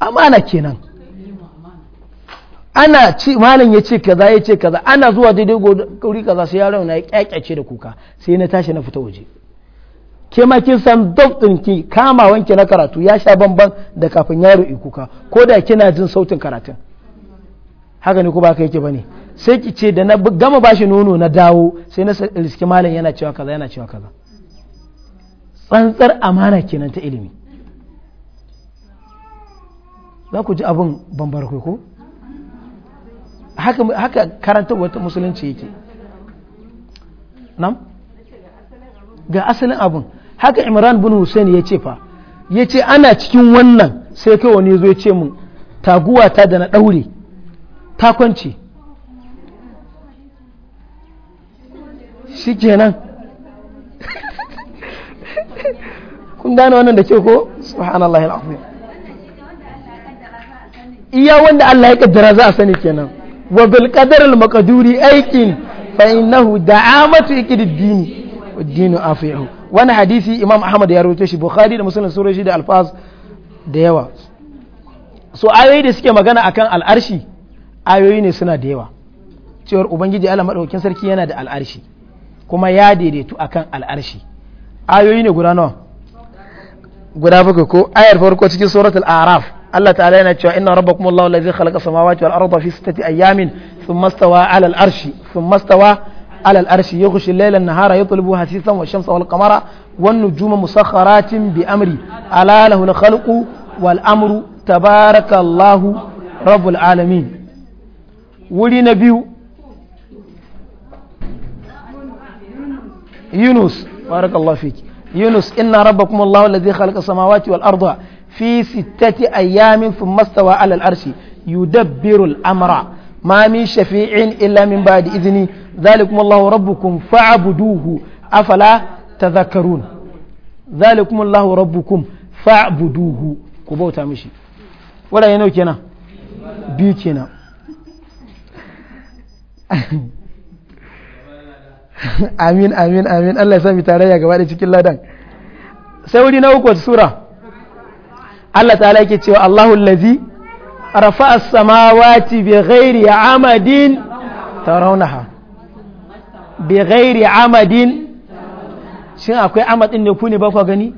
amana kenan ana ci malam ya ce kaza ya ce kaza ana zuwa daidai gori kaza sai yaron na ya kyakyace da kuka sai na tashi na fita waje ke ma kin san doktin ki kama wanke na karatu ya sha bamban da kafin yaro kuka ko da kina jin sautin karatun haka ne ko ba ka yake bane sai ki ce da na gama bashi nono na dawo sai na riski malam yana cewa kaza yana cewa kaza tsantsar amana kenan ta ilimi za ku ji abin bambar ko haka haka musulunci yake nam ga asalin abin haka imran bin hussein ya ce fa ya ce ana cikin wannan sai kai wani zo ya ce mun taguwa ta da na ɗaure ta kwance shi kenan kun gane wannan da ke ko subhanallah al'azim iya wanda Allah ya kaddara za a sani kenan wa bil qadar al maqduri aikin fa innahu da'amatu ikiddini والدين afiyahu wani hadisi imam ahmad ya rawaito shi bukhari da muslim sun shi da alfaz da yawa so ayoyi da suke magana akan al'arshi ayoyi ne suna da yawa cewar ubangiji Allah madaukakin sarki yana da al'arshi kuma ya daidaitu akan al'arshi ayoyi ne guda nawa guda bakwai ko ayar farko cikin suratul araf Allah ta'ala yana cewa inna rabbakum Allahu allazi khalaqa samawati wal arda fi sittati ayamin thumma stawa 'ala al-arshi thumma stawa 'ala al-arshi yughshi al-layla an-nahara yatlubu hasisan wash-shamsa wal-qamara wan-nujuma musakhkharatin bi amri ala lahu al-khalqu wal-amru tabarakalahu rabbul alamin wuri na biyu yunus barakallahu fiki yunus inna rabbakum allahu alladhi khalaqa samawati wal arda fi sittati ayamin thumma stawa ala al arshi yudabbiru al amra ma min shafi'in illa min ba'di idhni dhalikum ta rabbukum fa'buduhu afala tadhakkarun dhalikum allahu rabbukum fa'buduhu ku bauta mishi wala <laughs> amin amin amin Allah ya sami tarayya gaba da cikin ladan sai wuri na uku sura Allah ta'ala yake cewa Allahu allazi rafa'a as-samawati bighairi amadin tarawnaha bighairi amadin shin akwai amadin ne ku ne ba ku gani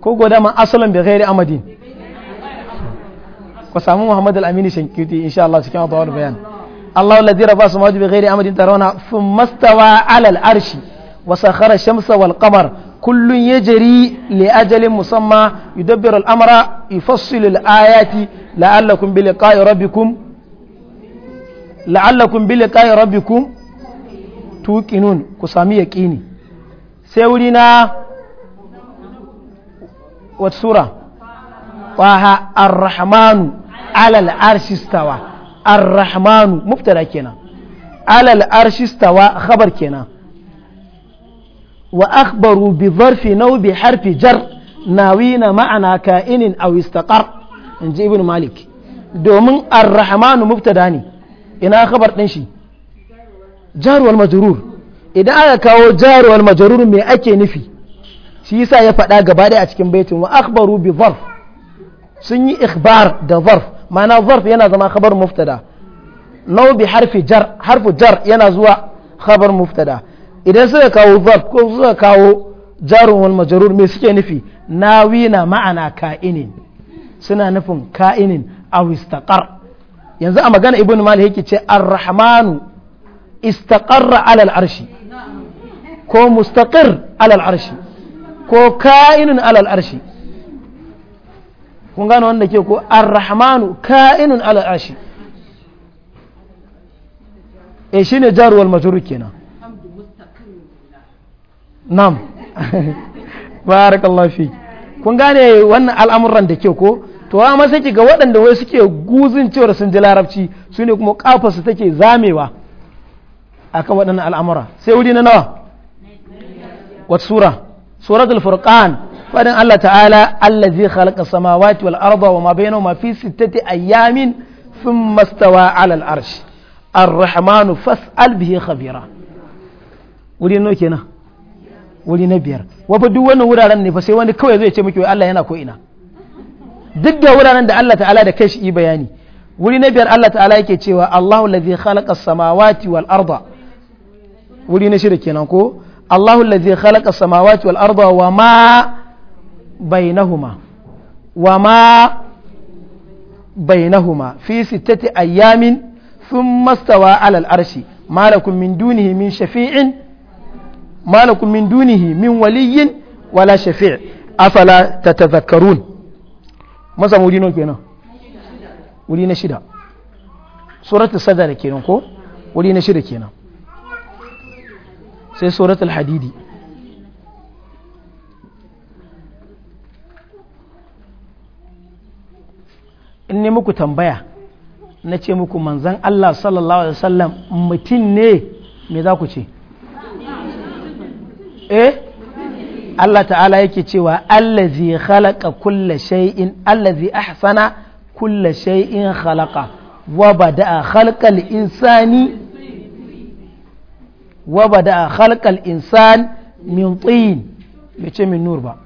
ko goda man asalan bighairi amadin ku samu Muhammad al-Amini shankiti insha Allah cikin adawar bayan الله الذي رفع السماوات بغير أمد ترونها ثم استوى على العرش وسخر الشمس والقمر كل يجري لأجل مسمى يدبر الأمر يفصل الآيات لعلكم بلقاء ربكم لعلكم بلقاء ربكم rabbikum كسامي ku sami والسورة وها الرحمن على wat استوى ar-rahmanu mubtada kenan alal arshistawa stawa khabar kenan wa akhbaru bi zarfi naw bi harfi jar nawina ma'ana ka'inin aw istaqar inji ibn malik domin ar-rahmanu mubtada ne ina khabar din shi jar wal majrur idan aka kawo jar wal majrur me ake nufi shi yasa ya faɗa gaba ɗaya a cikin baitin wa akhbaru bi sun yi ikhbar da zarf ma'ana zarf yana zama khabar muftada nau bi harfi jar harfu jar yana zuwa khabar muftada idan suka kawo zarf ko suka kawo jarun wal majrur me suke nufi nawi na ma'ana ka'inin suna nufin ka'inin aw istaqar yanzu a magana ibn malik yake ce ar-rahmanu istaqarra ala al-arshi ko mustaqir ala al-arshi ko ka'inun ala al-arshi kun gane wanda ke ko ar ka'inun ala arshi e shine jarwal majrur kenan nam <laughs> barakallahu fi kun gane wannan al'amuran da ke ko to amma sai ga waɗanda wai suke guzin cewar sun ji larabci su ne kuma kafarsu take zamewa akan waɗannan al'amura sai wuri na nawa wata sura suratul furqan faɗin Allah ta'ala allazi khalaqa samawati wal arda wa ma bainahuma fi sittati ayamin thumma stawa 'ala al arsh ar-rahman fas'al bihi khabira wuri no kenan wuri na biyar wafa duk wannan wuraren ne fa sai wani kawai zai ce miki Allah yana ko ina duk da wuraren da Allah ta'ala da kai i bayani wuri na biyar Allah ta'ala yake cewa Allahu na shida kenan ko Allahu allazi khalaqa samawati wal arda wa ma bainahuma wa ma bainahuma fi sittati ayyamin thumma stawa ala al-arshi ma lakum min dunihi min shafi'in ma lakum min dunihi min waliyyin wala shafi' afala tatadhakkarun masa wuri no kenan wuri shida suratul sadar kenan ko shida kenan sai suratul hadidi in ne muku tambaya na ce muku manzan Allah sallallahu alaihi wasallam mutum ne me za ku ce eh Allah ta'ala yake cewa allazi khalaqa kulla shay'in allazi ahsana kulla shay'in khalaqa wa bada'a khalqal insani wa bada'a khalqal insan min tin bace min nur ba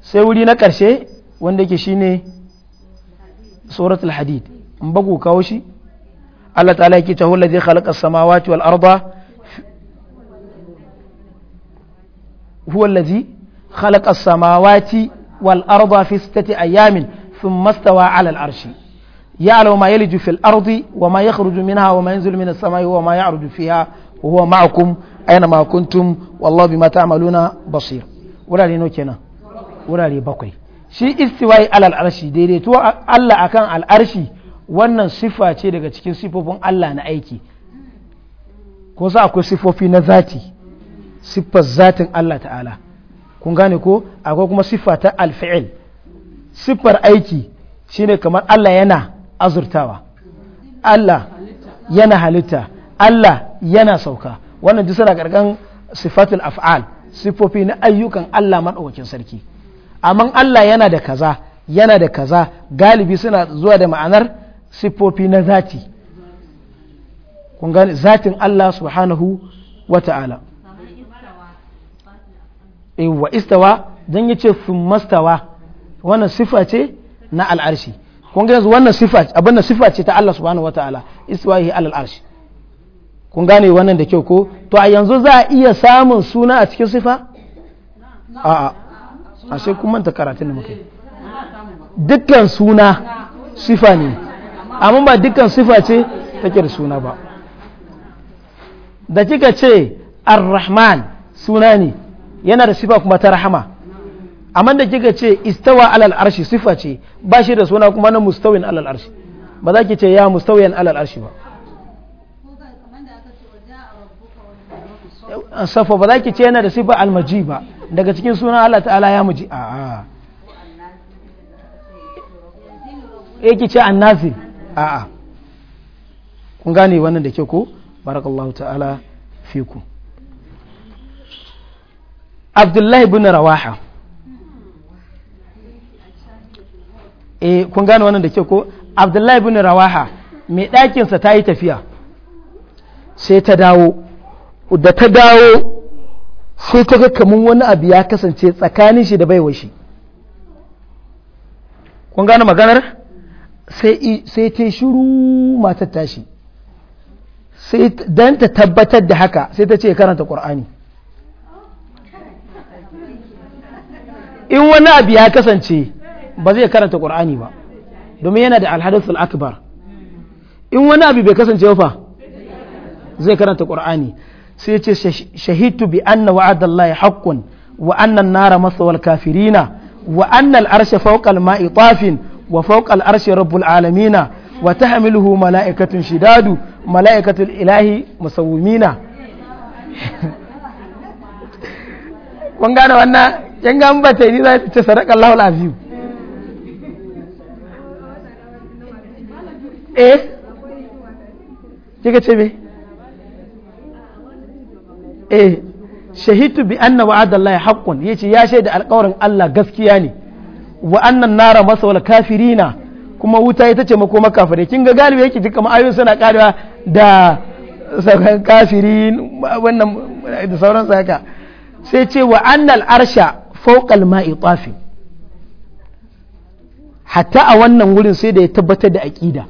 sai wuri na karshe. wanda yake shine suratul hadid in bago kawo shi Allah ta'ala yake tahu ladhi khalaqa as-samawati wal arda huwa alladhi khalaqa as-samawati wal arda fi sittati ayamin thumma stawa 'ala al-arshi arsh ma yalju ardi يعلم ما يلج في الأرض وما يخرج samai wa ma ya'rudu fiha wa huwa ma'akum aina ma kuntum wallahu bima ta'maluna basir بصير ولا لنوكنا ولا bakwai shi istiwai alal arshi daidaito Allah akan al'arshi wannan siffa ce daga cikin siffofin Allah na aiki ko sa akwai siffofi na zati siffar zatin Allah ta'ala kun gane ko akwai kuma siffa ta alfi'il siffar aiki shine kamar Allah yana azurtawa Allah yana halitta Allah yana sauka wannan duk suna ƙarƙar sifatul af'al siffofi na ayyukan Allah madaukakin sarki amma Allah yana da kaza yana da kaza galibi suna zuwa da ma'anar siffofi na zati kun gani zatin Allah subhanahu wa ta'ala eh, wa istawa don ya ce mastawa wannan sifa ce na al'arshi kun gani yanzu wannan sifa abin da sifa ce ta Allah subhanahu wa ta'ala istiwahi alal arshi kun gane wannan da kyau ko to a yanzu za a iya samun suna a cikin sifa a'a ashe kuma manta karatun da muke dukkan suna sifa ne amma ba dukkan sifa ce take da suna ba da kika ce ar-rahman suna ne yana da sifa kuma ta rahama amma da kika ce istawa alal arshi sifa ce ba shi da suna kuma na mustawin alal arshi ba za ki ce ya mustawiyan alal arshi ba safa ba za ki ce yana da sifa almaji ba daga cikin sunan Allah ta'ala ya muji a a e eh, ki ce annazil a a kun gane wannan da ke ko barakallahu ta'ala fi ku abdullahi bin rawaha e kun gane wannan da ke ko abdullahi bin rawaha mai ɗakinsa ta yi tafiya sai ta dawo da ta dawo sai ta ga kamar wani abu ya kasance tsakanin shi da baiwa shi kun gane maganar sai ta shuru matar tashi sai don ta tabbatar da haka sai ta ce karanta ƙur'ani in wani abu ya kasance ba zai karanta ƙur'ani ba domin yana da alhadasul akbar in wani abu bai kasance ba zai karanta ƙur'ani sai ya ce shahidu bi anna wa'adallahi haqqun wa anna an-nara masawal kafirina wa anna al-arsha fawqa al-ma'i tafin wa fawqa al-arshi rabbul alamina wa tahmiluhu mala'ikatun shidadu mala'ikatul ilahi musawwimina <laughs> kun gane wannan yan gamba bata yi za ta ce sadaka Allahul azim eh kika ce me eh shahidu bi anna wa'adallahi haqqun yace ya shaida alƙawarin Allah gaskiya ne wa annan nara masawal kafirina kuma wuta ita ce makoma kafire kin ga galibi yake ji kamar ayoyin suna karewa da sauran kafirin wannan da sauran haka sai ce wa annal arsha fawqal ma'i tafi hatta a wannan wurin sai da ya tabbatar da aqida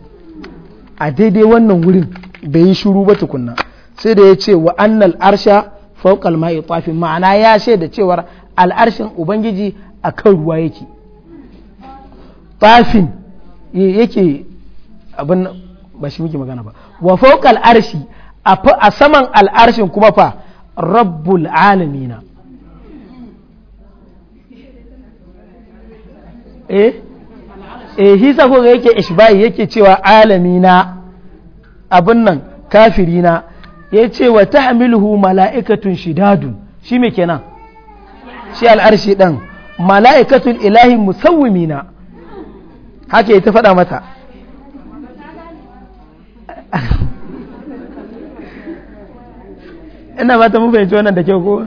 a daidai wannan wurin bai yi shiru ba tukunna sai da ya ce wa annal arsha faukal ma'i tafin ma'ana ya shaida cewar al'arshin ubangiji a kan ruwa yake tafin yake abin ba shi muke magana ba wa faukal arshi a saman al'arshin kuma fa rabbul alamina eh eh hisa ko yake ishbai yake cewa alamina abin nan kafirina ya ce wa ta hamiluhu mala'ikatun shidadu shi mai kenan shi al'arshi ɗan mala'ikatun ilahi na haka ya ta faɗa mata <laughs> ina ba ta mafi wannan da kyau ko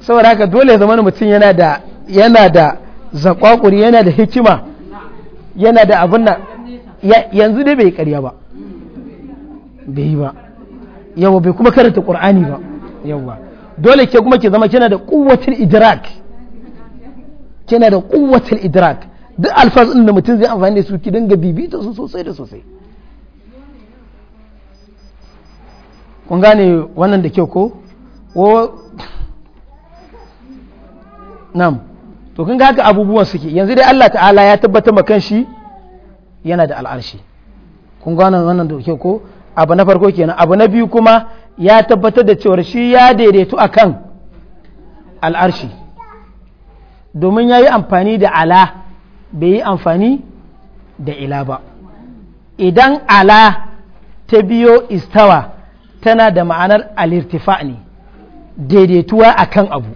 saboda haka dole zama mutum yana da yana da zakwakuri yana da hikima yana da abin nan yanzu dai bai karya ba bai ba yawa bai kuma karanta qur'ani ba yawa dole ke kuma ke zama kina da kuwatul idrak kina da kuwatul idrak duk alfaz din da mutum zai amfani da su ki dinga bibita su sosai da sosai kun gane wannan da kyau ko nam to kun ga haka abubuwan suke yanzu dai Allah ta'ala ya tabbata makan shi yana da al'arshi kun gane wannan da kyau ko abu na farko kenan abu na biyu kuma ya tabbatar da cewar shi ya daidaitu akan al'arshi domin ya yi amfani da ala bai yi amfani da ila ba idan ala ta biyo istawa tana da ma'anar alirtifa ne daidaituwa akan abu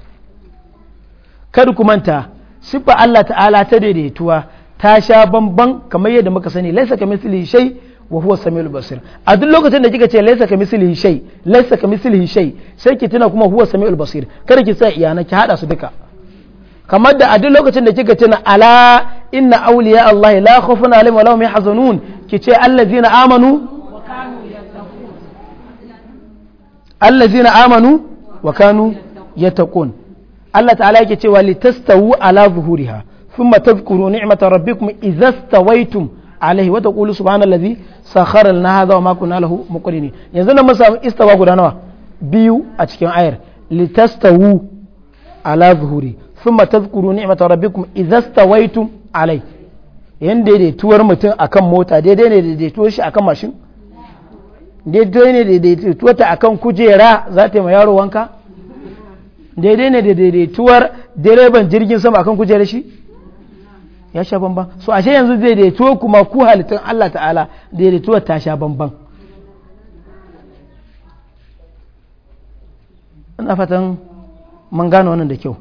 kada ku manta siffa Allah ta'ala ta daidaituwa ta sha bamban kamar yadda muka sani laisa kamar shai wa huwa samiul basir a duk lokacin da kika ce laisa ka mislihi shay laisa ka mislihi shay sai ki tuna kuma huwa samiul basir kada ki sa iyana ki hada su duka kamar da a duk lokacin da kika tuna ala inna awliya Allah la khawfun alaihim wa lahum yahzanun ki ce allazina amanu allazina amanu wa kanu yattaqun Allah ta'ala yake cewa litastawu ala zuhuriha thumma tadhkuru ni'mata rabbikum idza stawaytum alaihi wa taqulu ladhi sakhara lana hadha wa ma kunna lahu muqrinin yanzu nan mun samu istawa guda nawa biyu a cikin ayar litastawu ala zuhuri thumma tadhkuru ni'mata rabbikum idza stawaytum alai yan daidaituwar mutum akan mota daidai ne daidaituwar shi akan mashin daidai ne daidaituwar ta akan kujera za ta yi ma yaro wanka daidai ne daidaituwar direban jirgin sama akan kujera shi ya sha bamban so ashe yanzu daidaito kuma ku halittun Allah ta'ala daidaituwa ta sha bamban ina fatan mun gano wannan da kyau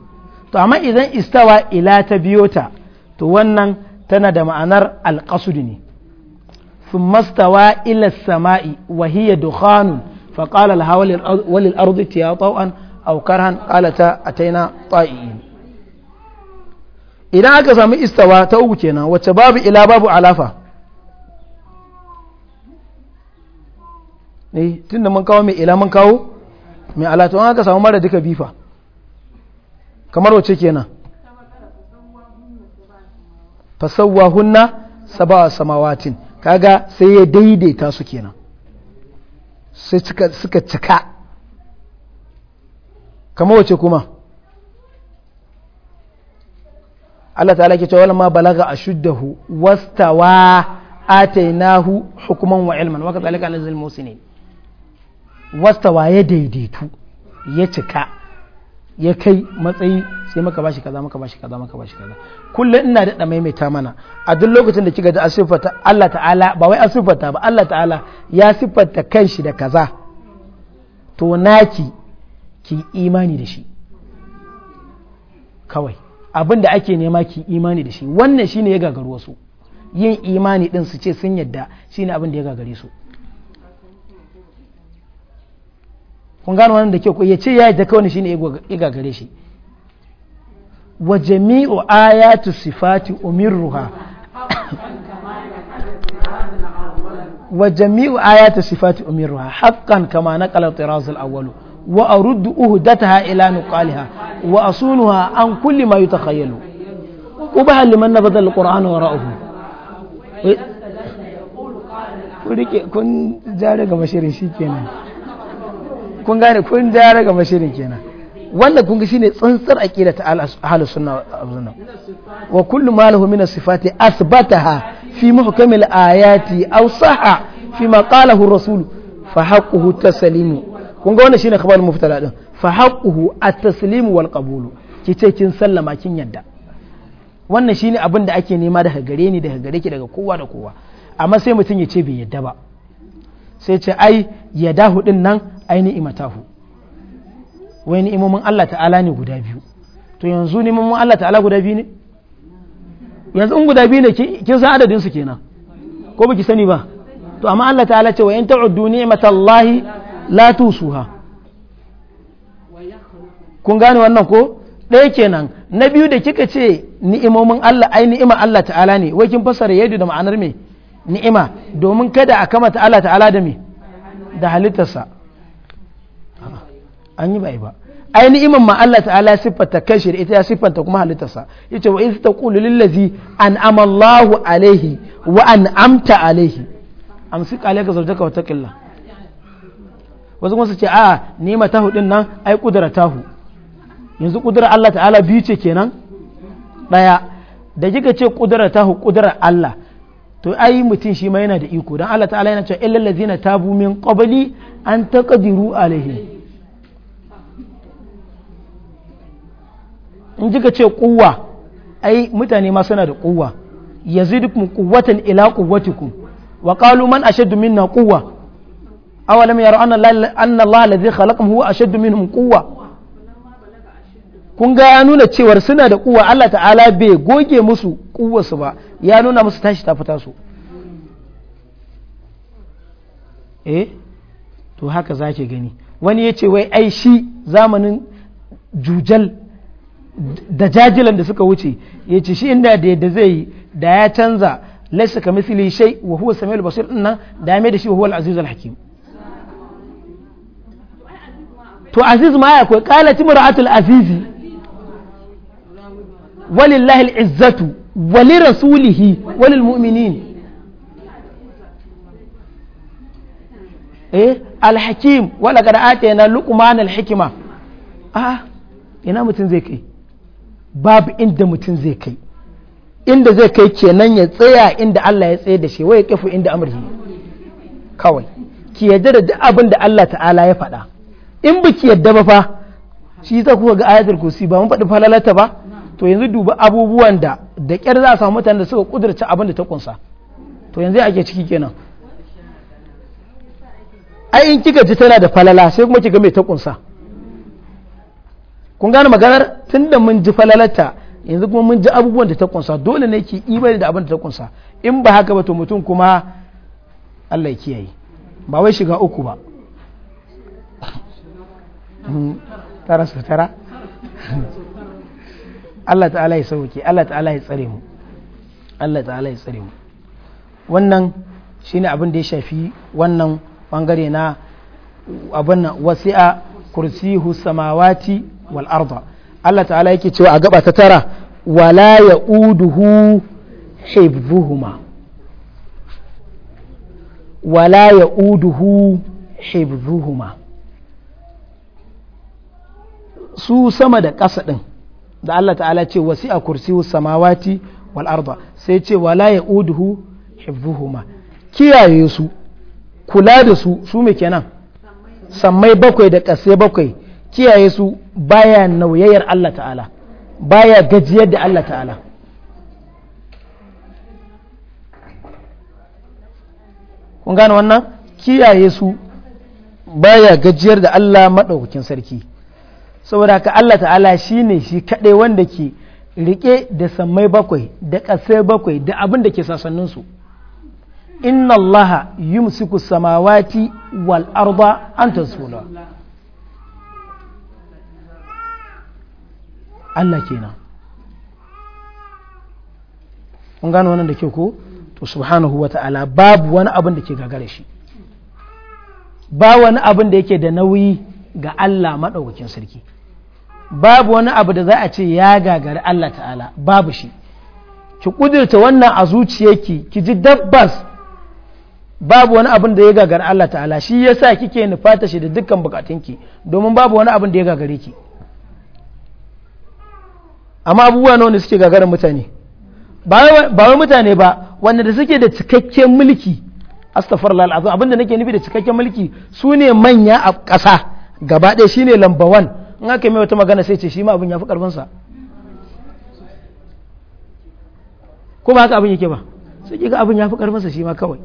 to amma idan istawa ila ta biyo ta to wannan tana da ma'anar alƙasudu ne ثم استوى إلى السماء وهي دخان فقال الهوى وللأرض تيا طوعا أو كرها قالتا أتينا طائعين idan aka sami istawa ta uku kenan wacce babu ila babu alafa ne eh, tunda mun kawo mai ila mun kawo mai alatu an aka samu mara duka bifa kamar wacce kenan fasawwa hunna sabawa samawatin kaga sai ya daidaita su kenan sai suka cika kamar wace kuma Allah ta'ala ke cewa ma balaga ashuddahu wastawa atainahu hukuman wa ilman wa kadhalika anzal musinin wastawa ya daidaitu ya cika ya kai matsayi sai maka bashi kaza maka bashi kaza maka bashi kaza kullum ina da maimaita mana a duk lokacin da kika ji asifata Allah ta'ala ba wai asifata ba Allah ta'ala ya sifata kanshi da kaza to naki ki imani da shi kawai abin da ake nema ki imani da shi wannan shine ya gagaru wasu yin imani din su ce sun yadda shine abin da ya gagare su kun gano wannan da ke ya ce ya yadda kawai shine ya gagare shi wa jami'u ayatu sifati umirruha wa jami'u ayatu sifati umirruha haqqan kama naqala tiraz al wa aruddu ha ila nuqaliha wa asunuha an kulli ma yutakhayyalu ubaha liman nabada alqur'ana wara'uhu kun jare ga mashirin shikenan kun gane kun jare ga mashirin kenan wannan kun ga shine tsantsar aqida ta ahlus sunna wa kullu ma lahu min as-sifati athbataha fi muhkamil ayati aw saha fi ma qalahu ar-rasul fa haqquhu taslimu kun ga wannan shine khabar mubtada din fa haqquhu at-taslim wal qabulu ce kin sallama kin yadda wannan shine abin da ake nema daga gare ni daga gare ki daga kowa da kowa amma sai mutum ya ce bai yadda ba sai ce ai yadahu din nan ai imatahu wai ni imamin Allah ta'ala ne guda biyu to yanzu ni imamin Allah ta'ala guda biyu ne yanzu in guda biyu ne kin san adadin su kenan ko baki sani ba to amma Allah ta'ala ce wa in ta'uddu ni'matallahi la tusuha kun gane wannan ko ɗaya kenan na biyu da kika ce ni'imomin Allah ai ni'ima Allah ta'ala ne wai kin fassara yadu da ma'anar me ni'ima domin kada a kamata Allah ta'ala da me da halittarsa an yi bai ba ai ni'iman ma Allah ta'ala siffanta kanshi da ita ya siffanta kuma halittarsa yace wa iz taqulu lil ladzi an'ama Allahu alaihi wa an'amta alaihi amsik alayka zawjaka wa taqilla wasu kuma su ce a ah, nema tahu din nan ai kudura tahu yanzu kudura Allah ta'ala biyu ce kenan daya da kika ce kudura tahu kudura Allah to ai mutum shi ma yana da iko dan Allah ta'ala yana cewa illal ladzina tabu min qabli an taqdiru alaihi in kika ce kuwa ai mutane ma suna da kuwa yazidukum quwwatan ila quwwatikum wa qalu man ashaddu minna quwwa awalam yaro an Allah ladhi khalaqahum huwa ashaddu minhum quwwa kun ga ya nuna cewar suna da kuwa Allah ta'ala bai goge musu kuwarsu ba ya nuna musu tashi ta fita su eh to haka zake gani wani ya ce wai ai shi zamanin jujal da jajilan da suka wuce ya ce shi inda da yadda zai yi da ya canza laisa ka misali shai wa huwa basir din nan da ya mai da shi wa huwa al-aziz al-hakim to aziz ma ya koyi qalat imra'atul azizi walillahi al'izzatu wali rasulihi walil mu'minin eh alhakim wala kada na luqman alhikma "Ah, ina mutum zai kai babu inda mutum zai kai inda zai kai kenan ya tsaya inda Allah ya tsaye da shi wai ya kafu inda amurhi kawai ki yadda da duk abin da Allah ta'ala ya faɗa in biki yadda ba fa shi za kuka ga ayatul kursi ba mun faɗi falalata ba to yanzu duba abubuwan da da ƙyar za a samu mutanen da suka kudurci abin da ta kunsa to yanzu ake ciki kenan ai in kika ji tana da falala sai kuma kika mai ta kunsa kun gane maganar tunda mun ji falalata yanzu kuma mun ji abubuwan da ta kunsa dole ne ki imani da abin da ta kunsa in ba haka ba to mutum kuma Allah ya kiyaye ba wai shiga uku ba tara su tara Allah ta'ala ya sauke Allah ta'ala ya tsare mu Allah ta'ala ya tsare mu wannan shine abin da ya shafi wannan bangare na abin nan wasi'a kursiyu samawati wal arda Allah ta'ala yake cewa a gaba ta tara wala ya'uduhu hibbuhuma wala ya'uduhu hibbuhuma su sama da ƙasa ɗin da Allah ta'ala ce wasi a kursiyu samawati wal arda sai ce wala ya uduhu hibbuhuma kiyaye su kula da su su me kenan sammai bakwai da ƙasai bakwai kiyaye su baya nauyayar Allah ta'ala baya gajiyar da Allah ta'ala kun gane wannan kiyaye su baya gajiyar da Allah maɗaukakin sarki saboda ka Allah ta'ala shi ne shi kaɗe wanda ke riƙe da samai bakwai da ƙasai bakwai da abin da ke sasanninsu inna Allah musiku samawati wal arba an tasula Allah kenan kun gano wannan da ke ko to subhanahu wa ta'ala babu wani abin da ke gagara shi ba wani abin da yake da nauyi ga Allah maɗaukakin sarki babu wani abu da za a ce ya gagari Allah ta'ala babu shi ki kudirta wannan a zuciyarki ki ji dabbas babu wani abin da ya gagari Allah ta'ala shi ya sa kike nufata shi da dukkan bukatunki domin babu wani abin da ya gagare ki amma abubuwa nawa ne suke gagarin mutane ba wai mutane ba wanda da suke da cikakken mulki astaghfirullah alazim abinda da nake nufi da cikakken mulki su ne manya a ƙasa gaba ɗaya shine lamba 1 in aka mai wata magana sai ce shi ma abin ya fi karfinsa ko ba haka abin yake ba sai kika abin ya fi karfinsa shi ma kawai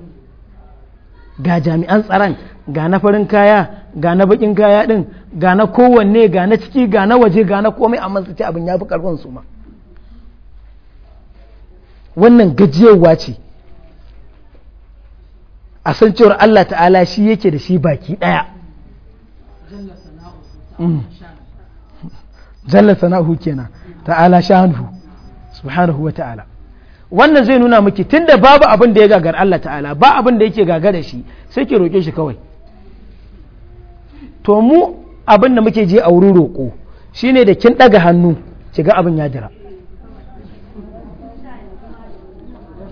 ga jami'an tsaron ga na farin kaya ga na bakin kaya din ga na kowanne ga na ciki ga na waje ga na komai amma su ce abin ya fi karfin su ma wannan gajiyarwa ce a san cewar Allah ta'ala shi yake da shi baki daya jalla sana'uhu kenan ta'ala shanuhu subhanahu wa ta'ala wannan zai nuna miki tunda babu abin da ya gagar Allah ta'ala ba abin da yake gagara shi sai ki roƙe shi kawai to mu abin da muke je a wurin roƙo shine da kin ɗaga hannu ki ga abin ya jira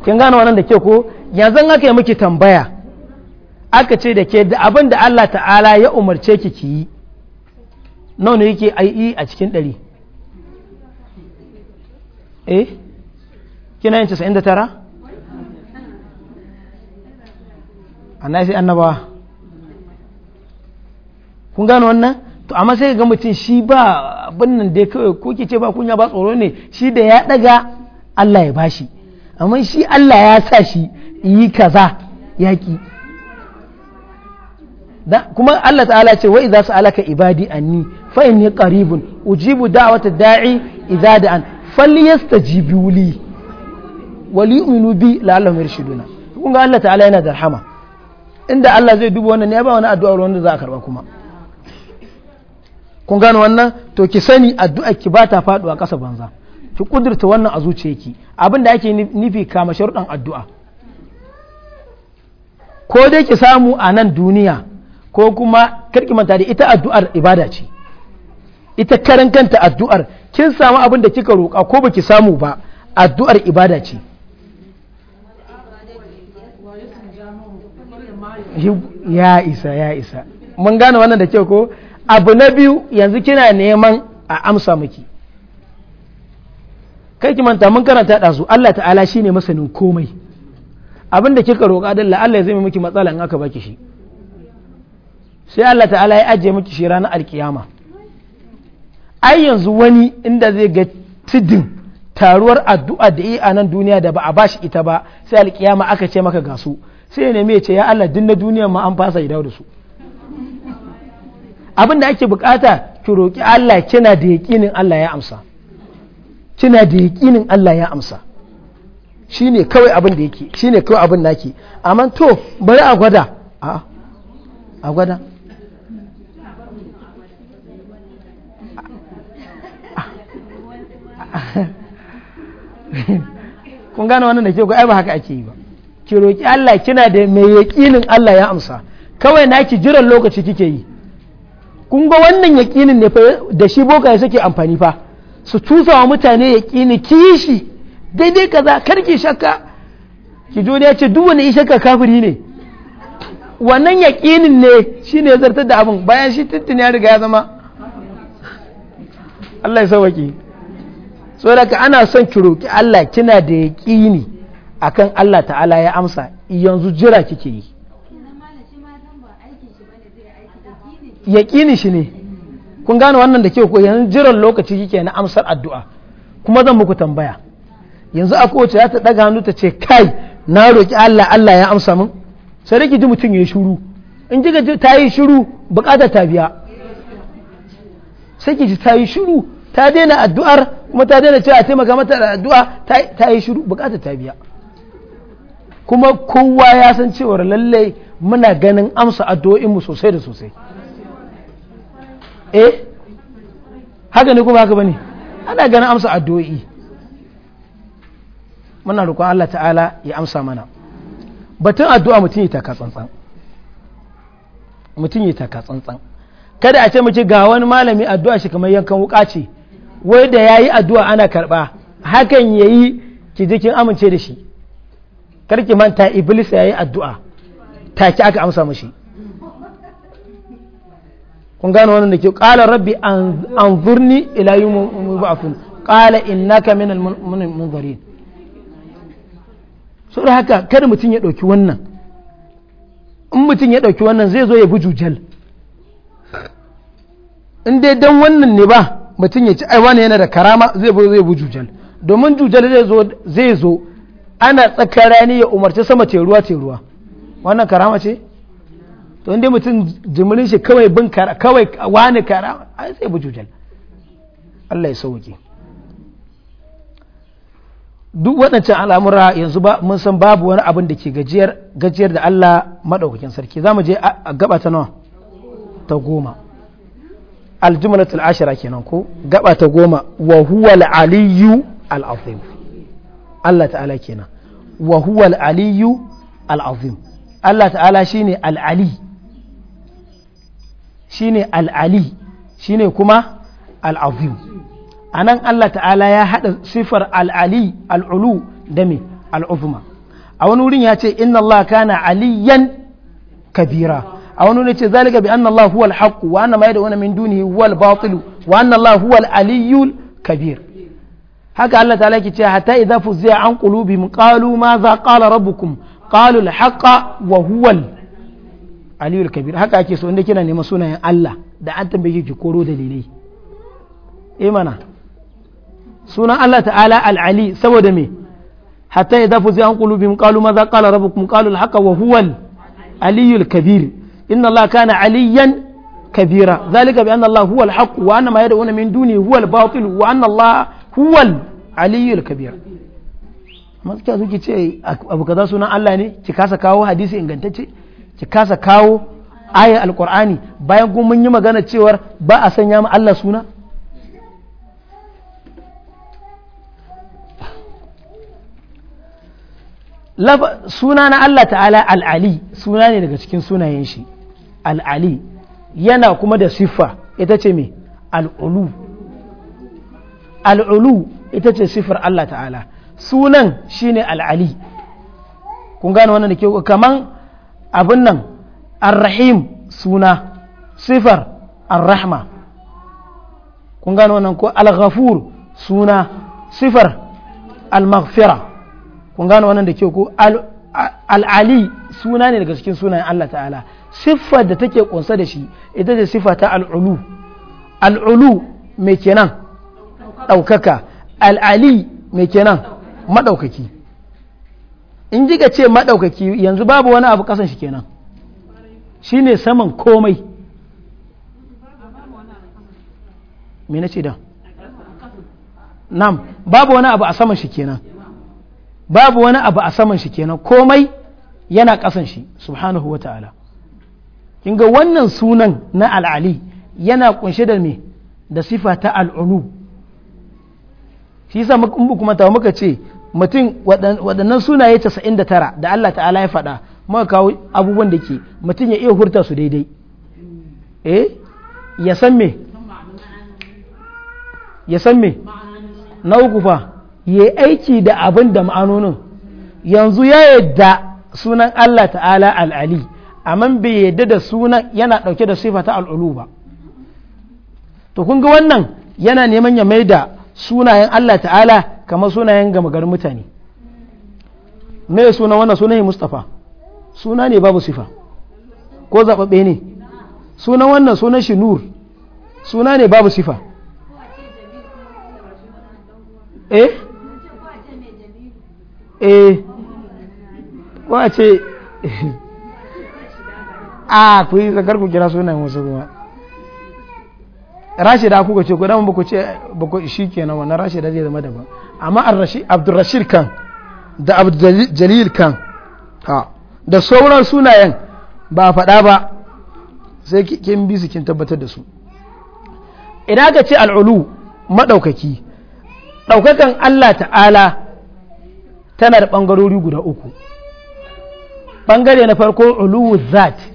kin gane wannan da ke ko yanzu aka yi miki tambaya aka ce da ke da abin da Allah ta'ala ya umarce ki ki yi nawa ne yake ai e a cikin ɗari eh kina yin da tara annai sai annabawa kun gano wannan to amma sai ga mutum shi ba abin nan da kawai ko ke ce ba kunya ba tsoro ne shi da ya ɗaga, Allah ya bashi amma shi Allah ya sa shi yi kaza yaki kuma Allah ta'ala ce wa idza sa'alaka ibadi anni fa inni qaribun ujibu da'wata da'i idza da'an falyastajibu li wali unubi la'allahum yarshuduna kun ga Allah ta'ala yana da rahama inda Allah zai duba wannan ne ba wani addu'a wanda za a karba kuma kun gano wannan to ki sani addu'a ki ba ta faduwa kasa banza ki kudurta wannan a zuciyarki abin da ake nufi kama sharuɗan addu'a ko dai ki samu a nan duniya ko kuma karki manta da ita addu'ar ibada ce ita karan kanta addu'ar kin samu abin da kika roƙa ko baki samu ba addu'ar ibada ce ya isa ya isa mun gane wannan da kyau ko abu na biyu yanzu kina neman a amsa miki kai ki manta mun karanta da su Allah ta'ala shine masanin komai abin da kika roƙa dalla Allah ya zai miki matsala in aka baki shi sai Allah ta'ala ya ajiye miki shi ranar alkiyama ai yanzu wani inda zai ga tudun taruwar addu'a da yi a nan duniya da ba a bashi ita ba sai alkiyama aka ce maka gasu sai ya nemi ya ce ya Allah din na duniya ma an fasa idau da su abin da ake bukata ki roki Allah kina da yaƙinin Allah ya amsa kina da yaƙinin Allah ya amsa shine kawai abin da yake shine kawai abin naki amma to bari a gwada a gwada kun gane wannan da ke ai ba haka ake yi ba ki roki Allah kina da mai yaƙinin Allah ya amsa kawai na ki jiran lokaci kike yi kun ga wannan yaƙinin ne da shi boka ya suke amfani fa su tusa wa mutane yaqini ki shi daidai kaza kar ki shakka ki jo ne ce duk wani shakka kafiri ne wannan yaƙinin ne shine ya zartar da abin bayan shi tuntun ya riga ya zama Allah ya sauwaƙe saboda ana son ki roki Allah kina da yaƙini akan Allah ta'ala ya amsa yanzu jira kike yi yaƙini shi ne kun gane wannan da ke ko yanzu jiran lokaci kike na amsar addu'a kuma zan muku tambaya yanzu a wacce za ta daga hannu ta ce kai na roki Allah Allah ya amsa min sai da ji mutum ya yi shiru in ji ta yi shiru bukatar ta biya sai ki ji ta yi shiru ta daina addu'ar kuma ta daina cewa a taimaka mata da addu'a ta yi shiru bukatar ta biya kuma kowa ya san cewar lalle muna ganin amsa addu'o'in mu sosai da sosai eh haka ne kuma haka bane ana ganin amsa addu'o'i muna roƙon Allah ta'ala ya amsa mana batun addu'a mutum ya taka tsantsan mutum ya taka tsantsan kada a ce mace ga wani malami addu'a shi kamar yankan wuka ce wai da yi addu'a ana karɓa hakan ya yi ji amince da shi karki manta iblis yi addu'a ta ki aka amsa mashi kun gano wannan da ke ƙala rabbi an ila yawmi yub'athun qala innaka minal munzirin so da haka kada mutum ya ɗauki wannan in mutum ya ɗauki wannan zai zo ya bi jujal in dai dan wannan ne ba mutum ya ci ai wani yana da karama zai bu zai jujal domin jujal zai zo zai zo ana tsakar rani ya umarci sama ce ruwa ce ruwa wannan karama ce to inda mutum jimirin shi kawai bin kara kawai wani kara ai bu jujal Allah ya sauke duk waɗancan al'amura yanzu ba mun san babu wani abin da ke gajiyar gajiyar da Allah madaukakin sarki zamu je a gaba ta nawa ta goma aljumlatul ashira kenan ko gaba ta goma wa huwa al-aliyyu al-azim Allah ta'ala kenan wa huwa al-aliyyu al-azim Allah ta'ala shine al-ali shine al-ali shine kuma al-azim anan Allah ta'ala ya hada sifar al-ali al-ulu da me al-uzma a wani wurin ya ce inna Allah kana aliyan kabira a wani ne ce zalika bi anna Allah huwal haqq wa anna ma yad'una min dunihi huwal batil wa anna Allah huwal aliyyul kabir haka Allah ta'ala yake ce hatta idza fuzi'a an qulubihim qalu ma za qala rabbukum qalu al haqqa wa huwal aliyyul kabir haka ake so inda kina neman sunayen Allah da an tambaye ki koro dalilai eh mana sunan Allah ta'ala al ali saboda me hatta idza fuzi'a an qulubihim qalu ma za qala rabbukum qalu al haqqa wa huwal aliyyul kabir inna Allah kana aliyan kabira zalika bi anna Allah huwa al-haq wa anna ma yad'una min duni huwa al-batil wa anna Allah huwa al-aliyyu al-kabir amma ki ce abu kaza sunan Allah ne ki kasa kawo hadisi ingantacce ki kasa kawo ayar alqur'ani bayan kuma mun yi magana cewar ba sanya ma Allah suna suna na Allah ta'ala al'ali suna ne daga cikin sunayen shi al'ali yana kuma da siffa ita ce me al'ulu al'ulu ita ce siffar Allah ta'ala sunan shi ne al'ali kun gane wannan da ke kaman abin nan arrahim suna siffar arrahma kun gane wannan ko al suna siffar al-maghfira kun gane wannan da ke ko al'ali suna ne daga cikin sunayen Allah ta'ala siffa da take kunsa da shi ita ce siffa ta al'ulu al'ulu mai kenan ɗaukaka al'ali mai kenan maɗaukaki in ji ce maɗaukaki yanzu babu wani abu kasan shi kenan shi ne saman komai me na ce da nam babu wani abu a saman shi kenan babu wani abu a saman shi kenan komai yana kasan shi subhanahu wa ta'ala kin ga wannan sunan na al'ali yana kunshe da me da sifa ta al'ulu shi sa in kuma ta muka ce mutum waɗannan sunaye 99 da Allah ta'ala ya faɗa muka kawo abubuwan da ke mutum ya iya hurta su daidai eh ya san me ya san me na uku fa ya aiki da abin da ma'anonin yanzu ya yadda sunan Allah ta'ala al'ali amma bai yadda da sunan yana ɗauke da sifa ta al'ulu ba to kun ga wannan yana neman ya mai da sunayen Allah ta'ala kamar sunayen gama mutane me suna wannan sunan mustafa suna ne babu sifa ko zaɓaɓɓe ne sunan wannan sunan shi nur suna ne babu sifa eh eh ko a ce <laughs> a ku yi zakar ku kira sunayen wasu kuma rashida kuka ce ku dama baku ku ce ba ku shi kenan wannan rashida zai zama daban amma abdurrashir kan da abdul kan da sauran sunayen ba a faɗa ba sai kin bi su kin tabbatar da su idan ka ce al'ulu maɗaukaki ɗaukakan Allah ta'ala tana da ɓangarori guda uku ɓangare na farko uluwu zati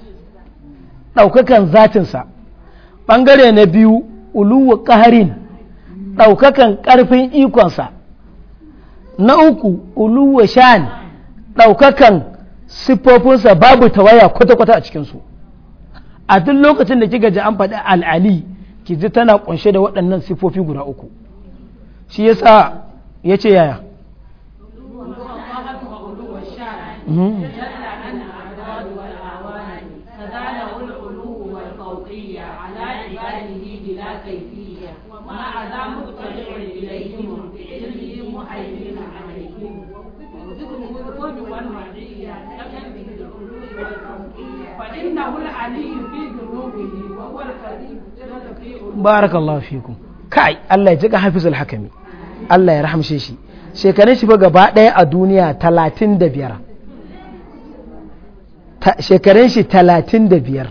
ɗaukakan zatinsa ɓangare na biyu uluwa ƙaharin ɗaukakan ƙarfin ikonsa na uku uluwa shan ɗaukakan siffofinsa babu tawaya kwata-kwata a cikinsu a duk lokacin da kika ji an faɗi al'ali ki ji tana ƙunshe da waɗannan siffofi guda uku shi yasa ya ce yaya fi ku kai Allah ya jiga hafizul hakami Allah ya rahamshe shi shekarun shi fa gaba ɗaya a duniya talatin da biyar shekarun shi talatin da biyar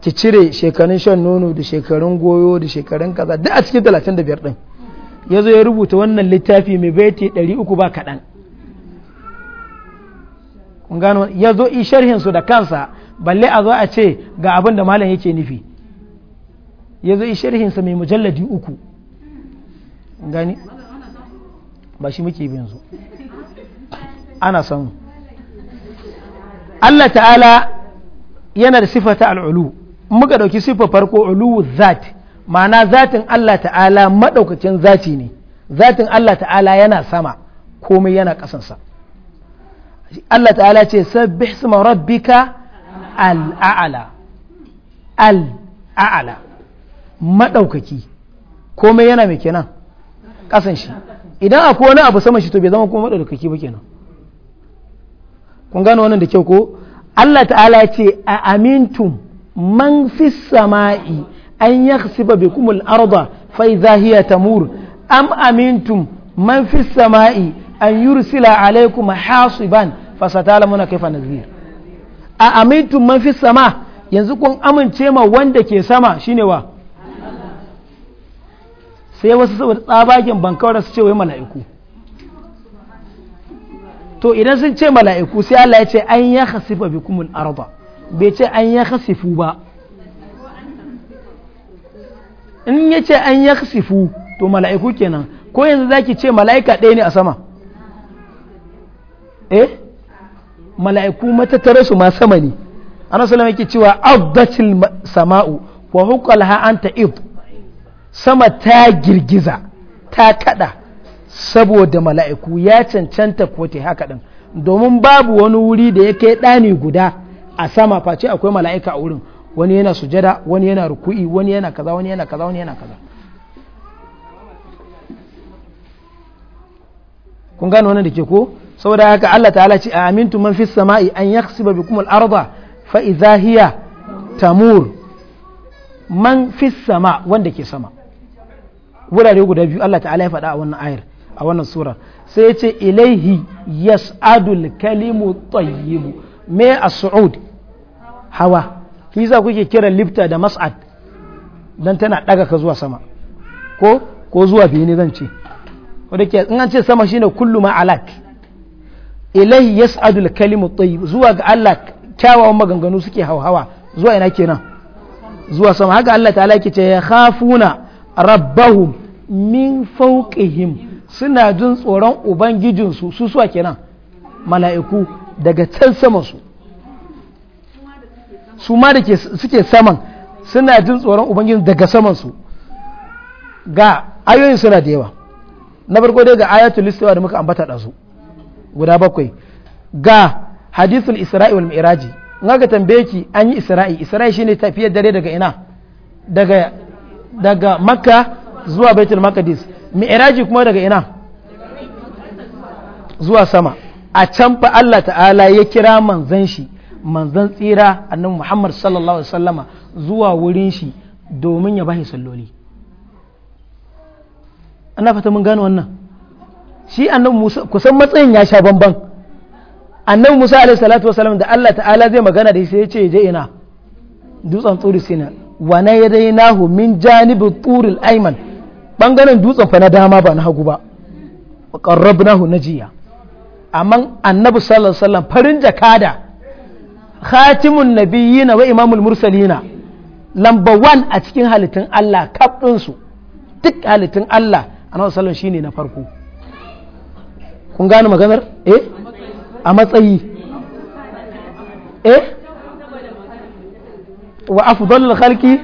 ki cire shekarun shan nono da shekarun goyo da shekarun kaza duk a cikin talatin da biyar ɗin ya zo ya rubuta wannan littafi mai baiti ɗari uku ba kaɗan ya zo i sharhinsu da kansa balle a zo a ce ga abin da malam yake nufi ya zo sharhinsa mai mujalladi uku gani ba shi muke bin zo ana sanu. Allah ta'ala yana da sifata al'ulu muka ɗauki siffar farko uluwu zat ma'ana zatin Allah ta'ala maɗaukacin zati ne zatin Allah ta'ala yana sama komai yana ƙasansa Allah ta'ala ce sabbih sima rabbika al'a'ala al'a'ala maɗaukaki komai yana mai kenan ƙasan shi idan akwai wani abu saman shi to bai zama kuma maɗaukaki ba kenan kun gano wannan da kyau ko Allah ta'ala ce a amintum man fi sama'i an yakhsiba bikum al-arda fa idha tamur am amintum man fi sama'i an yursila alaikum hasiban muna kai nadhir a amintun man fi sama yanzu kun amince ma wanda ke sama shine wa sai wasu saboda tsabagen bankawar su ce wai mala'iku to idan sun ce mala'iku sai Allah ya ce an ya bi kumul arba bai ce an ya hasifu ba in ya ce an ya hasifu to mala'iku kenan ko yanzu zaki ce mala'ika ɗaya ne a sama eh mala'iku matattare su ma sama ne ana salama yake cewa abdatil sama'u wa hukalha anta ib sama ta girgiza ta kada saboda mala'iku ya cancanta ko te haka din domin babu wani wuri da ya kai ɗani guda a sama face akwai mala'ika a wurin wani yana sujada wani yana ruku'i wani yana kaza wani yana kaza wani yana kaza kun gane wannan da ke ko saboda haka Allah ta'ala ce amintu man fi sama'i an yaksiba bikum al-arda fa idza tamur man fi sama wanda ke sama wurare guda biyu Allah ta'ala ya faɗa a wannan ayar a wannan sura sai ya ce ilaihi yas'adul kalimu tayyibu me a suud hawa kisa kuke kira lifta da mas'ad dan tana daga ka zuwa sama ko ko zuwa bene zan ce wanda ke in an ce sama shine kullu ma alak ilahi yas'adu kalimu tayyib zuwa ga Allah kyawawan maganganu suke hauhawa zuwa ina kenan zuwa sama haka Allah ta'ala yake ce ya khafuna rabbahum min fawqihim suna jin tsoron ubangijinsu su suwa kenan mala'iku daga can saman su su ma da suke saman suna jin tsoron ubangijin daga saman su ga ayoyin suna da yawa na farko dai ga ayatul istiwa da muka ambata da su guda bakwai ga hadithul isra'i wal mi'raji in aka tambaye ki an yi isra'i isra'i shine tafiyar dare daga ina daga daga makka zuwa baitul maqdis mi'raji kuma daga ina zuwa sama a can fa Allah ta'ala ya kira manzan shi manzan tsira annabi Muhammad sallallahu alaihi wasallama zuwa wurin shi domin ya bashi salloli ana fata mun gane wannan shi annabi Musa kusan matsayin ya sha bamban annabi Musa alaihi salatu wasallam da Allah ta'ala zai magana da shi sai ya ce je ina dutsen turi sina wa na yadainahu min janibi turil ayman bangaren dutsen fa na dama ba na hagu ba qarrabnahu najiya amma annabi sallallahu alaihi wasallam farin jakada khatimun nabiyina wa imamul mursalina lamba one a cikin halittun Allah kaf su duk halittun Allah annabi sallallahu alaihi wasallam shine na farko kun gano maganar eh a matsayi eh wa afdalul khalqi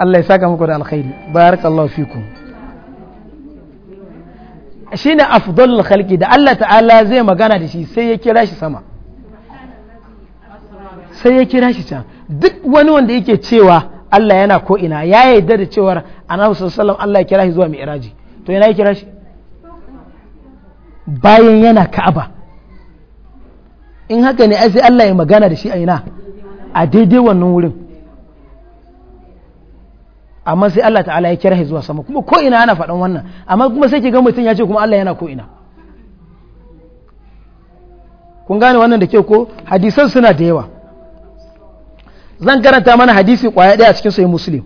Allah ya saka muku da alkhairi barakallahu fikum shine afdalul khalqi da Allah ta'ala zai magana da shi sai ya kira shi sama sai ya kira shi can duk wani wanda yake cewa Allah yana ko ina ya yarda da cewar annabi sallallahu alaihi wasallam Allah ya kira shi zuwa mi'raji to yana kira shi bayan yana ka'aba in haka ne ai sai Allah ya magana da shi a ina a daidai wannan wurin amma sai Allah ta'ala ya kira shi zuwa sama kuma ko ina ana faɗan wannan amma kuma sai ki ga mutum ya ce kuma Allah yana ko ina kun gane wannan da ke ko hadisan suna da yawa zan karanta mana hadisi kwaya ɗaya a cikin sai muslim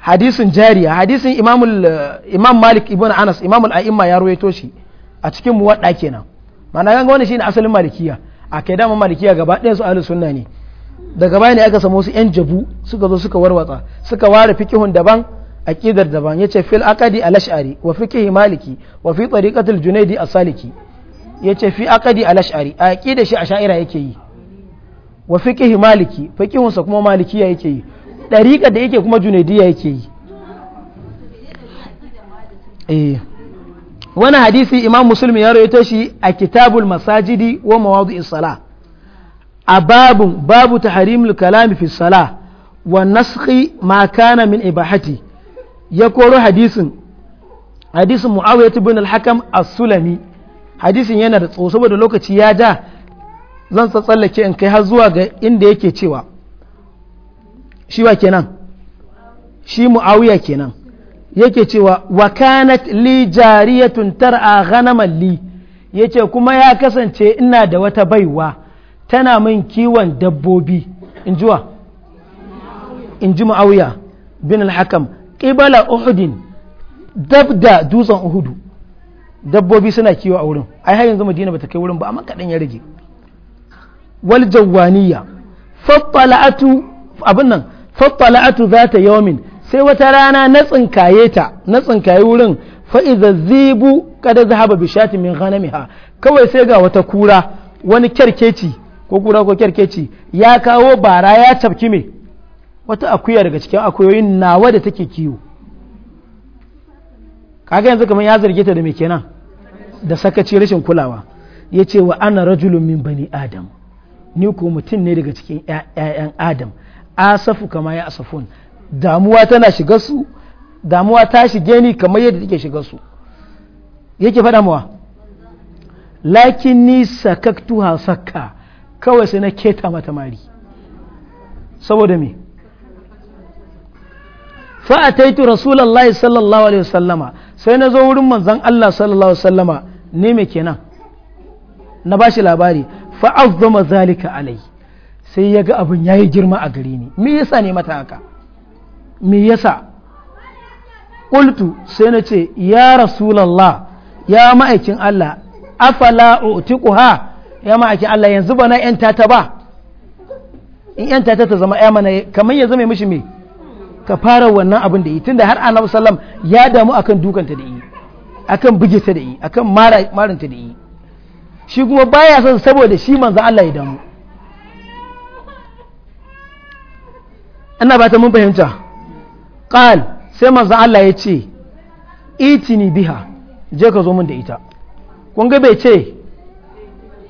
hadisin jariya hadisin imam malik ibn anas imam a'imma ya ruwaito shi a cikin muwadda kenan mana ganga wani shine asalin malikiya a kai dama malikiya gaba ɗaya su ahlus sunna ne daga baya ne aka samu wasu yan jabu suka zo suka warwatsa suka ware fikihun daban aqidar daban yace fil aqadi al-ash'ari wa fikihi maliki wa fi tariqatil junaidi as-saliki yace fi aqadi al-ash'ari aqidar shi sha'ira yake yi wa fikihi maliki fikihunsa kuma malikiya yake yi ɗariƙa da yake kuma junaidiya yake yi eh wani hadisi imam muslim ya rawaito shi a kitabul masajidi wa mawadu isala a babu babu tahrimul kalami fi sala wa naskhi ma kana min ibahati ya koro hadisin hadisin muawiyah ibn al-hakam as-sulami hadisin yana da tsoso saboda lokaci ya ja zan tsallake in kai har zuwa ga inda yake cewa shi wa kenan shi mu'awiya kenan yake cewa wa kanat li jariyatun tar'a ghanaman li yace kuma ya kasance ina da wata baiwa tana min kiwon dabbobi in jiwa in ji mu'awiya bin al-hakam qibala uhudin dabda dutsen uhudu dabbobi suna kiwo a wurin ai har yanzu madina bata kai wurin ba amma kadan ya rage wal jawwaniya fattala'atu abin nan fattala'atu za ta yomin sai wata rana na tsinkaye ta na tsinkaye wurin fa'iza zibu kada zahaba bishati min ghanamiha kawai sai ga wata kura wani kyarkeci ko kura ko kyarkeci ya kawo bara ya cafki me wata akuya daga cikin akuyoyin nawa da take kiwo kaga yanzu kamar ya zarge ta da me kenan da sakaci rashin kulawa ya ce wa ana rajulun min bani adam ni ko mutum ne daga cikin 'ya'yan adam asafu kama ya asafun damuwa tana shiga su damuwa ta shige ni kamar yadda take shiga su yake faɗa muwa lakin ni ha sakka kawai sai na keta mata mari saboda me ataitu rasulullahi sallallahu alaihi wasallama sai na zo wurin manzon Allah sallallahu alaihi wasallama ne me kenan na bashi labari azzama zalika alai sai ya ga abin ya yi girma a gari ne. me yasa ne mata haka mi yasa ƙultu sai na ce ya rasulallah ya ma'aikin Allah afala ha ya ma'aikin Allah yanzu ba na yanta ta ba in yanta ta ta zama ya mana kamar ya zama mishi me ka fara wannan abin da yi tunda har annabi sallam ya damu akan dukanta da yi akan buge ta da yi akan marinta da yi shi kuma baya son saboda shi manzo Allah ya damu ana ba ta mun fahimta qal sai manzo Allah ya ce itini biha je ka zo min da ita kun ga bai ce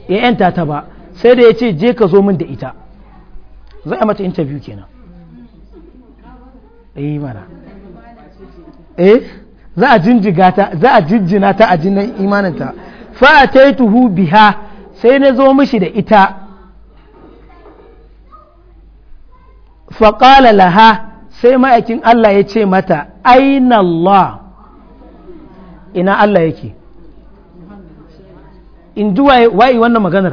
ya yanta ta ba sai da ya ce je ka zo min da ita za a mata interview kenan eh mana eh za a jinjiga ta za a jinjina ta a jinan imaninta fa ataituhu biha sai na zo mishi da ita faƙala laha sai ma'aikin Allah ya ce mata aina Allah ina Allah yake in ji wayi wannan maganar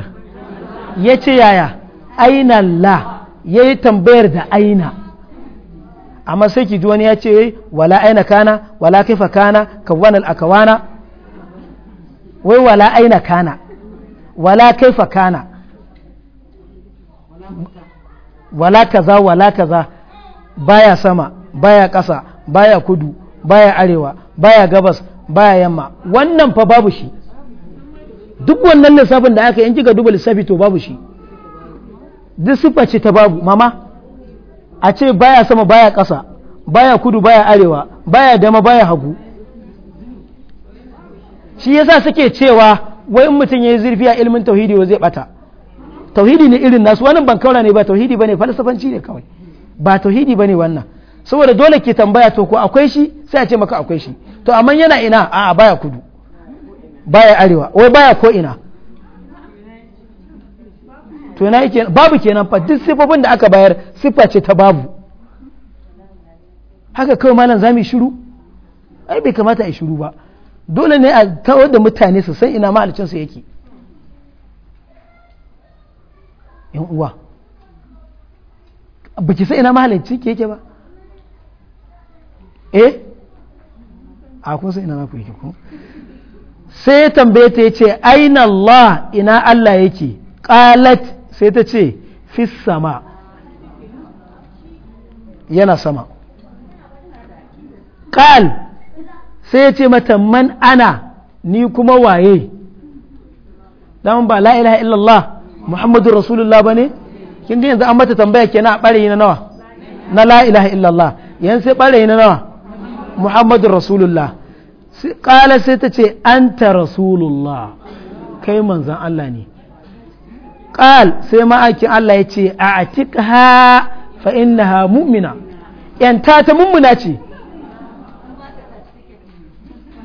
ya ce yaya aina Allah ya yi tambayar da aina amma sai ki ji wani ya ce wala aina kana wala kaifa kana kawwanan akawana wai wala aina kana wala kaifa kana wala kaza wala kaza baya sama baya ƙasa baya kudu baya arewa baya gabas baya yamma wannan fa babu shi duk wannan lissafin da aka yi in kika duba lissafi to babu shi duk siffa ce ta babu mama a ce baya sama baya ƙasa baya kudu baya arewa baya dama baya hagu shi yasa suke cewa wai mutum ya yi zurfi a ilimin tauhidi wa zai bata tauhidi ne irin nasu wannan ban kaura ne ba tauhidi bane falsafanci ne kawai ba tauhidi bane wannan saboda dole ke tambaya to ko akwai shi sai a ce maka akwai shi to amma yana ina a'a baya kudu baya arewa wai baya ko ina to na yake babu kenan fa duk sifofin da aka bayar siface ce ta babu haka kawai malam zamu shiru ai bai kamata a shiru ba dole ne a tawar da mutane su san ina mahalicin su yake yan uwa ba ki sai ina mahalicci ke yake ba eh a kun sai ina naku yake ko sai ya tambaye ta yace aina Allah ina Allah yake qalat sai ta ce fi sama yana sama qal sai ya ce mata man ana ni kuma waye dan ba la ilaha illallah muhammadu rasulullah ba ne kin ga yanzu an mata tambaya kenan a ɓarayi na nawa na la ilaha illallah yan sai ɓarayi na nawa muhammadu rasulullah ƙala sai ta ce anta rasulullah kai manzan Allah ne ƙal sai ma'aikin Allah ya ce a atikha fa innaha mu'mina yanta ta mummuna ce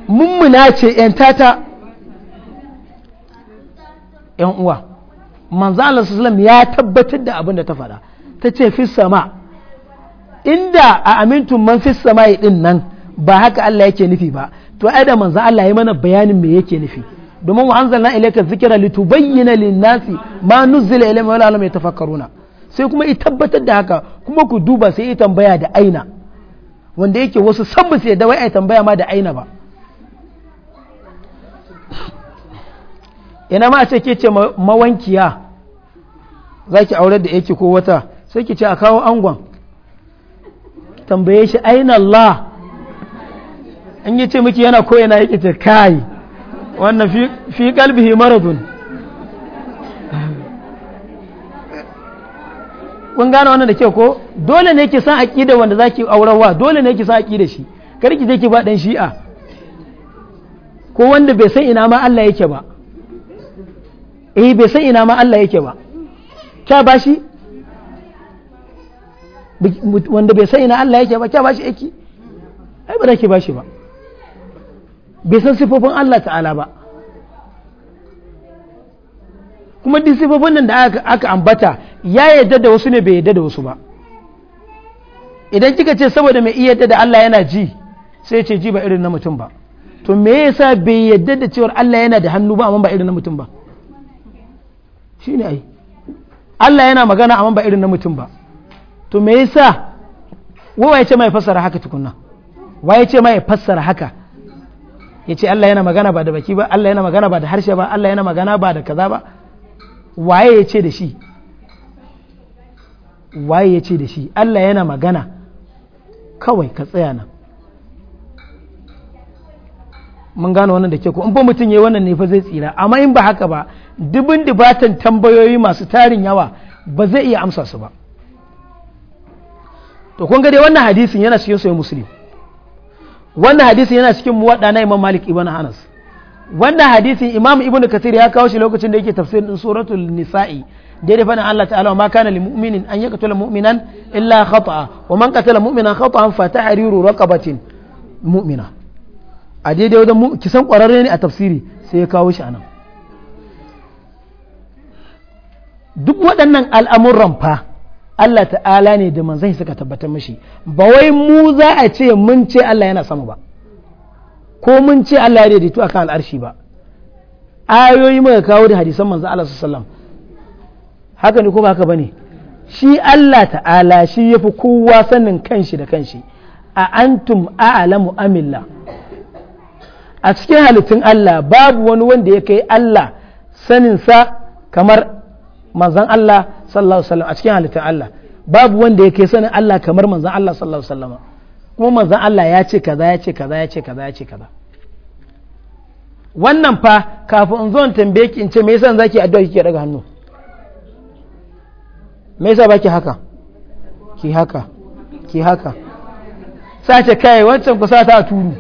mummuna ce yanta ta uwa manzo Allah sallallahu ya tabbatar da abin da ta faɗa ta ce fi sama inda a amintun man fi sama din nan ba haka Allah yake nufi ba to ai da manzo Allah ya mana bayanin me yake nufi domin wa anzalna ilayka dhikra litubayyana lin-nasi ma nuzila ilayhim wa la'allahum yatafakkaruna sai kuma i tabbatar da haka kuma ku duba sai i tambaya da aina wanda yake wasu san ba su yadda wai ai tambaya ma da aina ba ina ma a ce ke ce mawankiya za ki aurar da yake ko wata sai ki ce a kawo angon tambaye shi aina Allah in yi ce miki yana koya na yake ce kai wannan fi kalbihi maradun kun gane wannan da ke ko dole ne ki san da wanda za ki aurarwa dole ne ki san da shi kar ki je ki ba ɗan shi'a ko wanda bai san ina ma Allah yake ba eh bai san ina ma Allah yake ba kya bashi wanda bai san ina Allah yake ba kya bashi aiki ai ba ki bashi ba bai san sifofin Allah ta'ala ba kuma duk sifofin nan da aka ambata ya yadda da wasu ne bai yadda da wasu ba idan kika ce saboda mai iya da Allah yana ji sai ce ji ba irin na mutum ba to me yasa bai yadda da cewar Allah yana da hannu ba amma ba irin na mutum ba shi ne ai Allah yana magana amma ba irin na mutum ba to me yasa wa ya ce mai fassara haka tukunna wa ya ce mai fassara haka ya ce Allah yana magana ba da baki ba Allah yana magana ba da harshe ba Allah yana magana ba da kaza ba waye ya ce da shi waye ya ce da shi Allah yana magana kawai ka tsaya nan mun gano wannan da ke ko in ba mutum ya yi wannan ne fa zai tsira amma in ba haka ba dubin dubatan tambayoyi masu tarin yawa ba zai iya amsa su ba to kun gade wannan hadisin yana cikin sahih muslim wannan hadisin yana cikin muwadda na imam malik ibn anas wannan hadisin imam ibn kathir ya kawo shi lokacin da yake tafsirin din suratul nisa'i daidai fadin Allah ta'ala ma kana lil mu'minin an yaqtula mu'minan illa khata'a wa man qatala mu'minan khata'an fa tahriru raqabatin mu'mina a daidai wajen kisan kwararre ne a tafsiri sai ya kawo shi anan duk waɗannan al'amuran fa Allah ta'ala ne da manzai suka tabbatar mashi ba wai mu za a ce mun ce Allah yana sama ba ko mun ce Allah ya daidaitu kan al'arshi ba ayoyi muka kawo da hadisan manzan Allah sallallahu haka ne ko ba haka bane shi Allah ta'ala shi ya fi kowa sanin kanshi da kanshi a antum a'lamu amilla a cikin halittun Allah babu wani wanda ya kai Allah saninsa kamar manzan Allah sallallahu alaihi wasallam a cikin halittar Allah babu wanda yake sanin Allah kamar manzan Allah sallallahu alaihi wasallam kuma manzan Allah ya ce kaza ya ce kaza ya ce kaza ya ce kaza wannan fa kafin in zo in tambaye ki in ce me yasa zaki addu'a kike daga hannu me yasa baki haka ki haka ki haka sace kai wancan ku sata a turu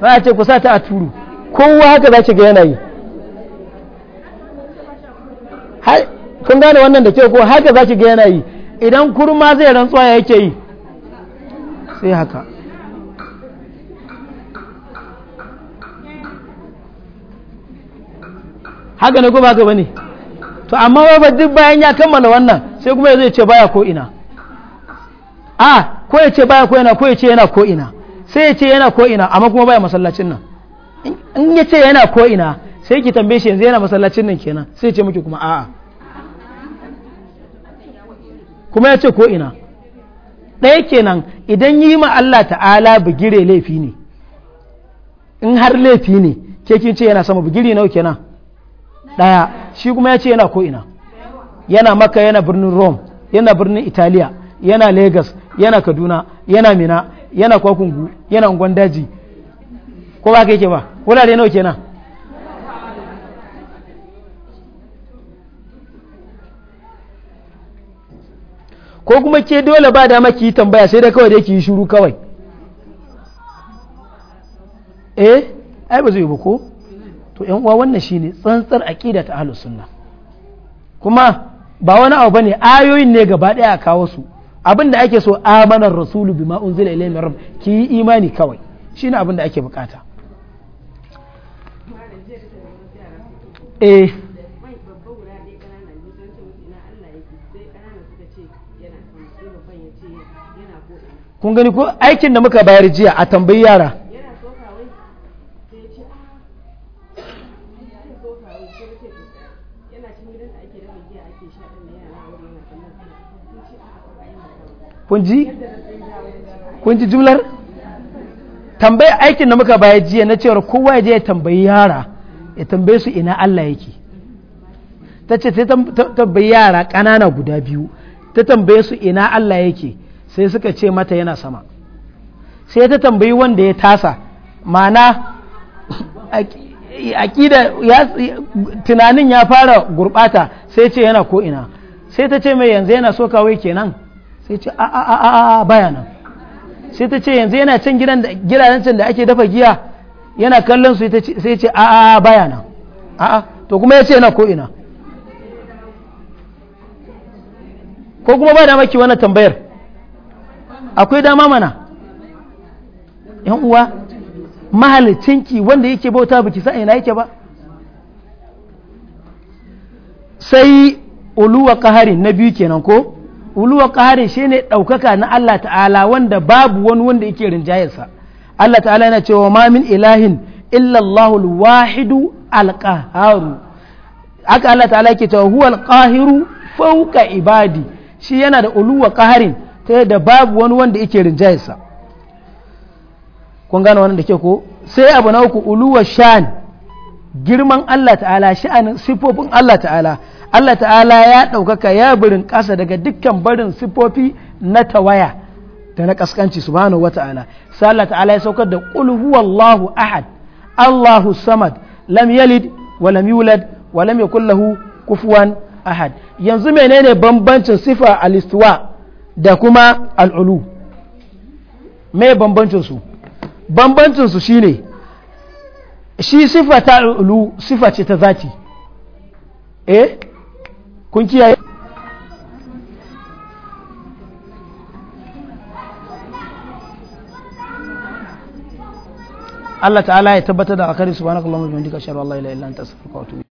za a ce ku sata a turu kowa haka zaki ki ga yanayi kun gane wannan da ke ko haka za ki ga yana yi idan kurma zai rantsuwa ya yake yi sai haka haka ne ko ba haka bane to amma ba duk bayan ya kammala wannan sai kuma zai ce baya ko ina a ko ya ce baya ko ina ko ya ce yana ko ina sai ya ce yana ko ina amma kuma baya masallacin nan in ya ce yana ko ina sai ki tambaye shi yanzu yana masallacin nan kenan sai ce miki kuma a'a kuma ya ce ko ina ɗaya kenan idan yi ma Allah ta'ala bigire laifi ne in har laifi ne ke kin ce yana sama bigiri nawa kenan ɗaya shi kuma ya ce yana ko ina yana maka yana birnin rome yana birnin italiya yana lagos yana kaduna yana mina yana kwakungu yana unguwan daji ko ba ka yake ba wurare nawa kenan ko kuma ke dole ba dama ki yi tambaya sai da kawai da ki yi shuru kawai eh ai ba zai ba ko to yan uwa wannan shine tsantsar aqida ta ahlus sunna kuma ba wani abu bane ayoyin ne gaba ɗaya a kawo su abin da ake so amanar rasulu bima unzila ilayhi min rabb ki yi imani kawai shine abin da ake bukata eh kun gani ko aikin da muka bayar jiya a tambayi yara kun ji jumlar tambayi aikin da muka bayar jiya na cewar kowa ya je ya tambayi yara ya tambaye su ina Allah yake ta ce ta tambayi yara ƙanana guda biyu ta tambaye su ina Allah yake sai suka ce mata yana sama sai ta tambayi wanda ya tasa mana <clears throat> aƙida tunanin ya fara gurɓata sai ce yana ko'ina sai ta ce mai yanzu yana so kawai kenan sai ce a a a baya nan sai ta ce yanzu yana can gidanen da ake dafa giya yana kallon su sai ce a a baya nan a a to kuma ya ce yana ko'ina ko kuma ba da maki wani tambayar akwai dama mana yan uwa mahalicinki wanda yake bauta ki san ina yake ba sai uluwa kahari na biyu kenan ko uluwa kahari shine ɗaukaka na Allah ta'ala wanda babu wani wanda yake rinjayarsa Allah ta'ala yana cewa ma min ilahin illa Allahul wahidu haka Allah ta'ala yake cewa huwal qahiru fawqa ibadi shi yana da uluwa ƙaharin ta yadda babu wani wanda yake rinjayarsa kun gano wannan da ke ko sai abu na uku uluwa shan girman Allah ta'ala sha'anin sifofin Allah ta'ala Allah ta'ala ya ɗaukaka ya birin ƙasa daga dukkan barin siffofi na tawaya da na ƙasƙanci subhanahu wa ta'ala sai Allah ta'ala ya saukar da qul huwallahu ahad Allahu samad lam yalid wa lam yulad wa lam kufuwan ahad yanzu menene bambancin sifa al-istiwa da kuma al'ulu mai bambancinsu bambancinsu shi ne shi sifa ta al'ulu sifa ce ta zati eh kun kiyaye Allah ta'ala ya tabbatar da akari subhanakallahumma wa bihamdika ashhadu an la ilaha illa anta astaghfiruka wa atubu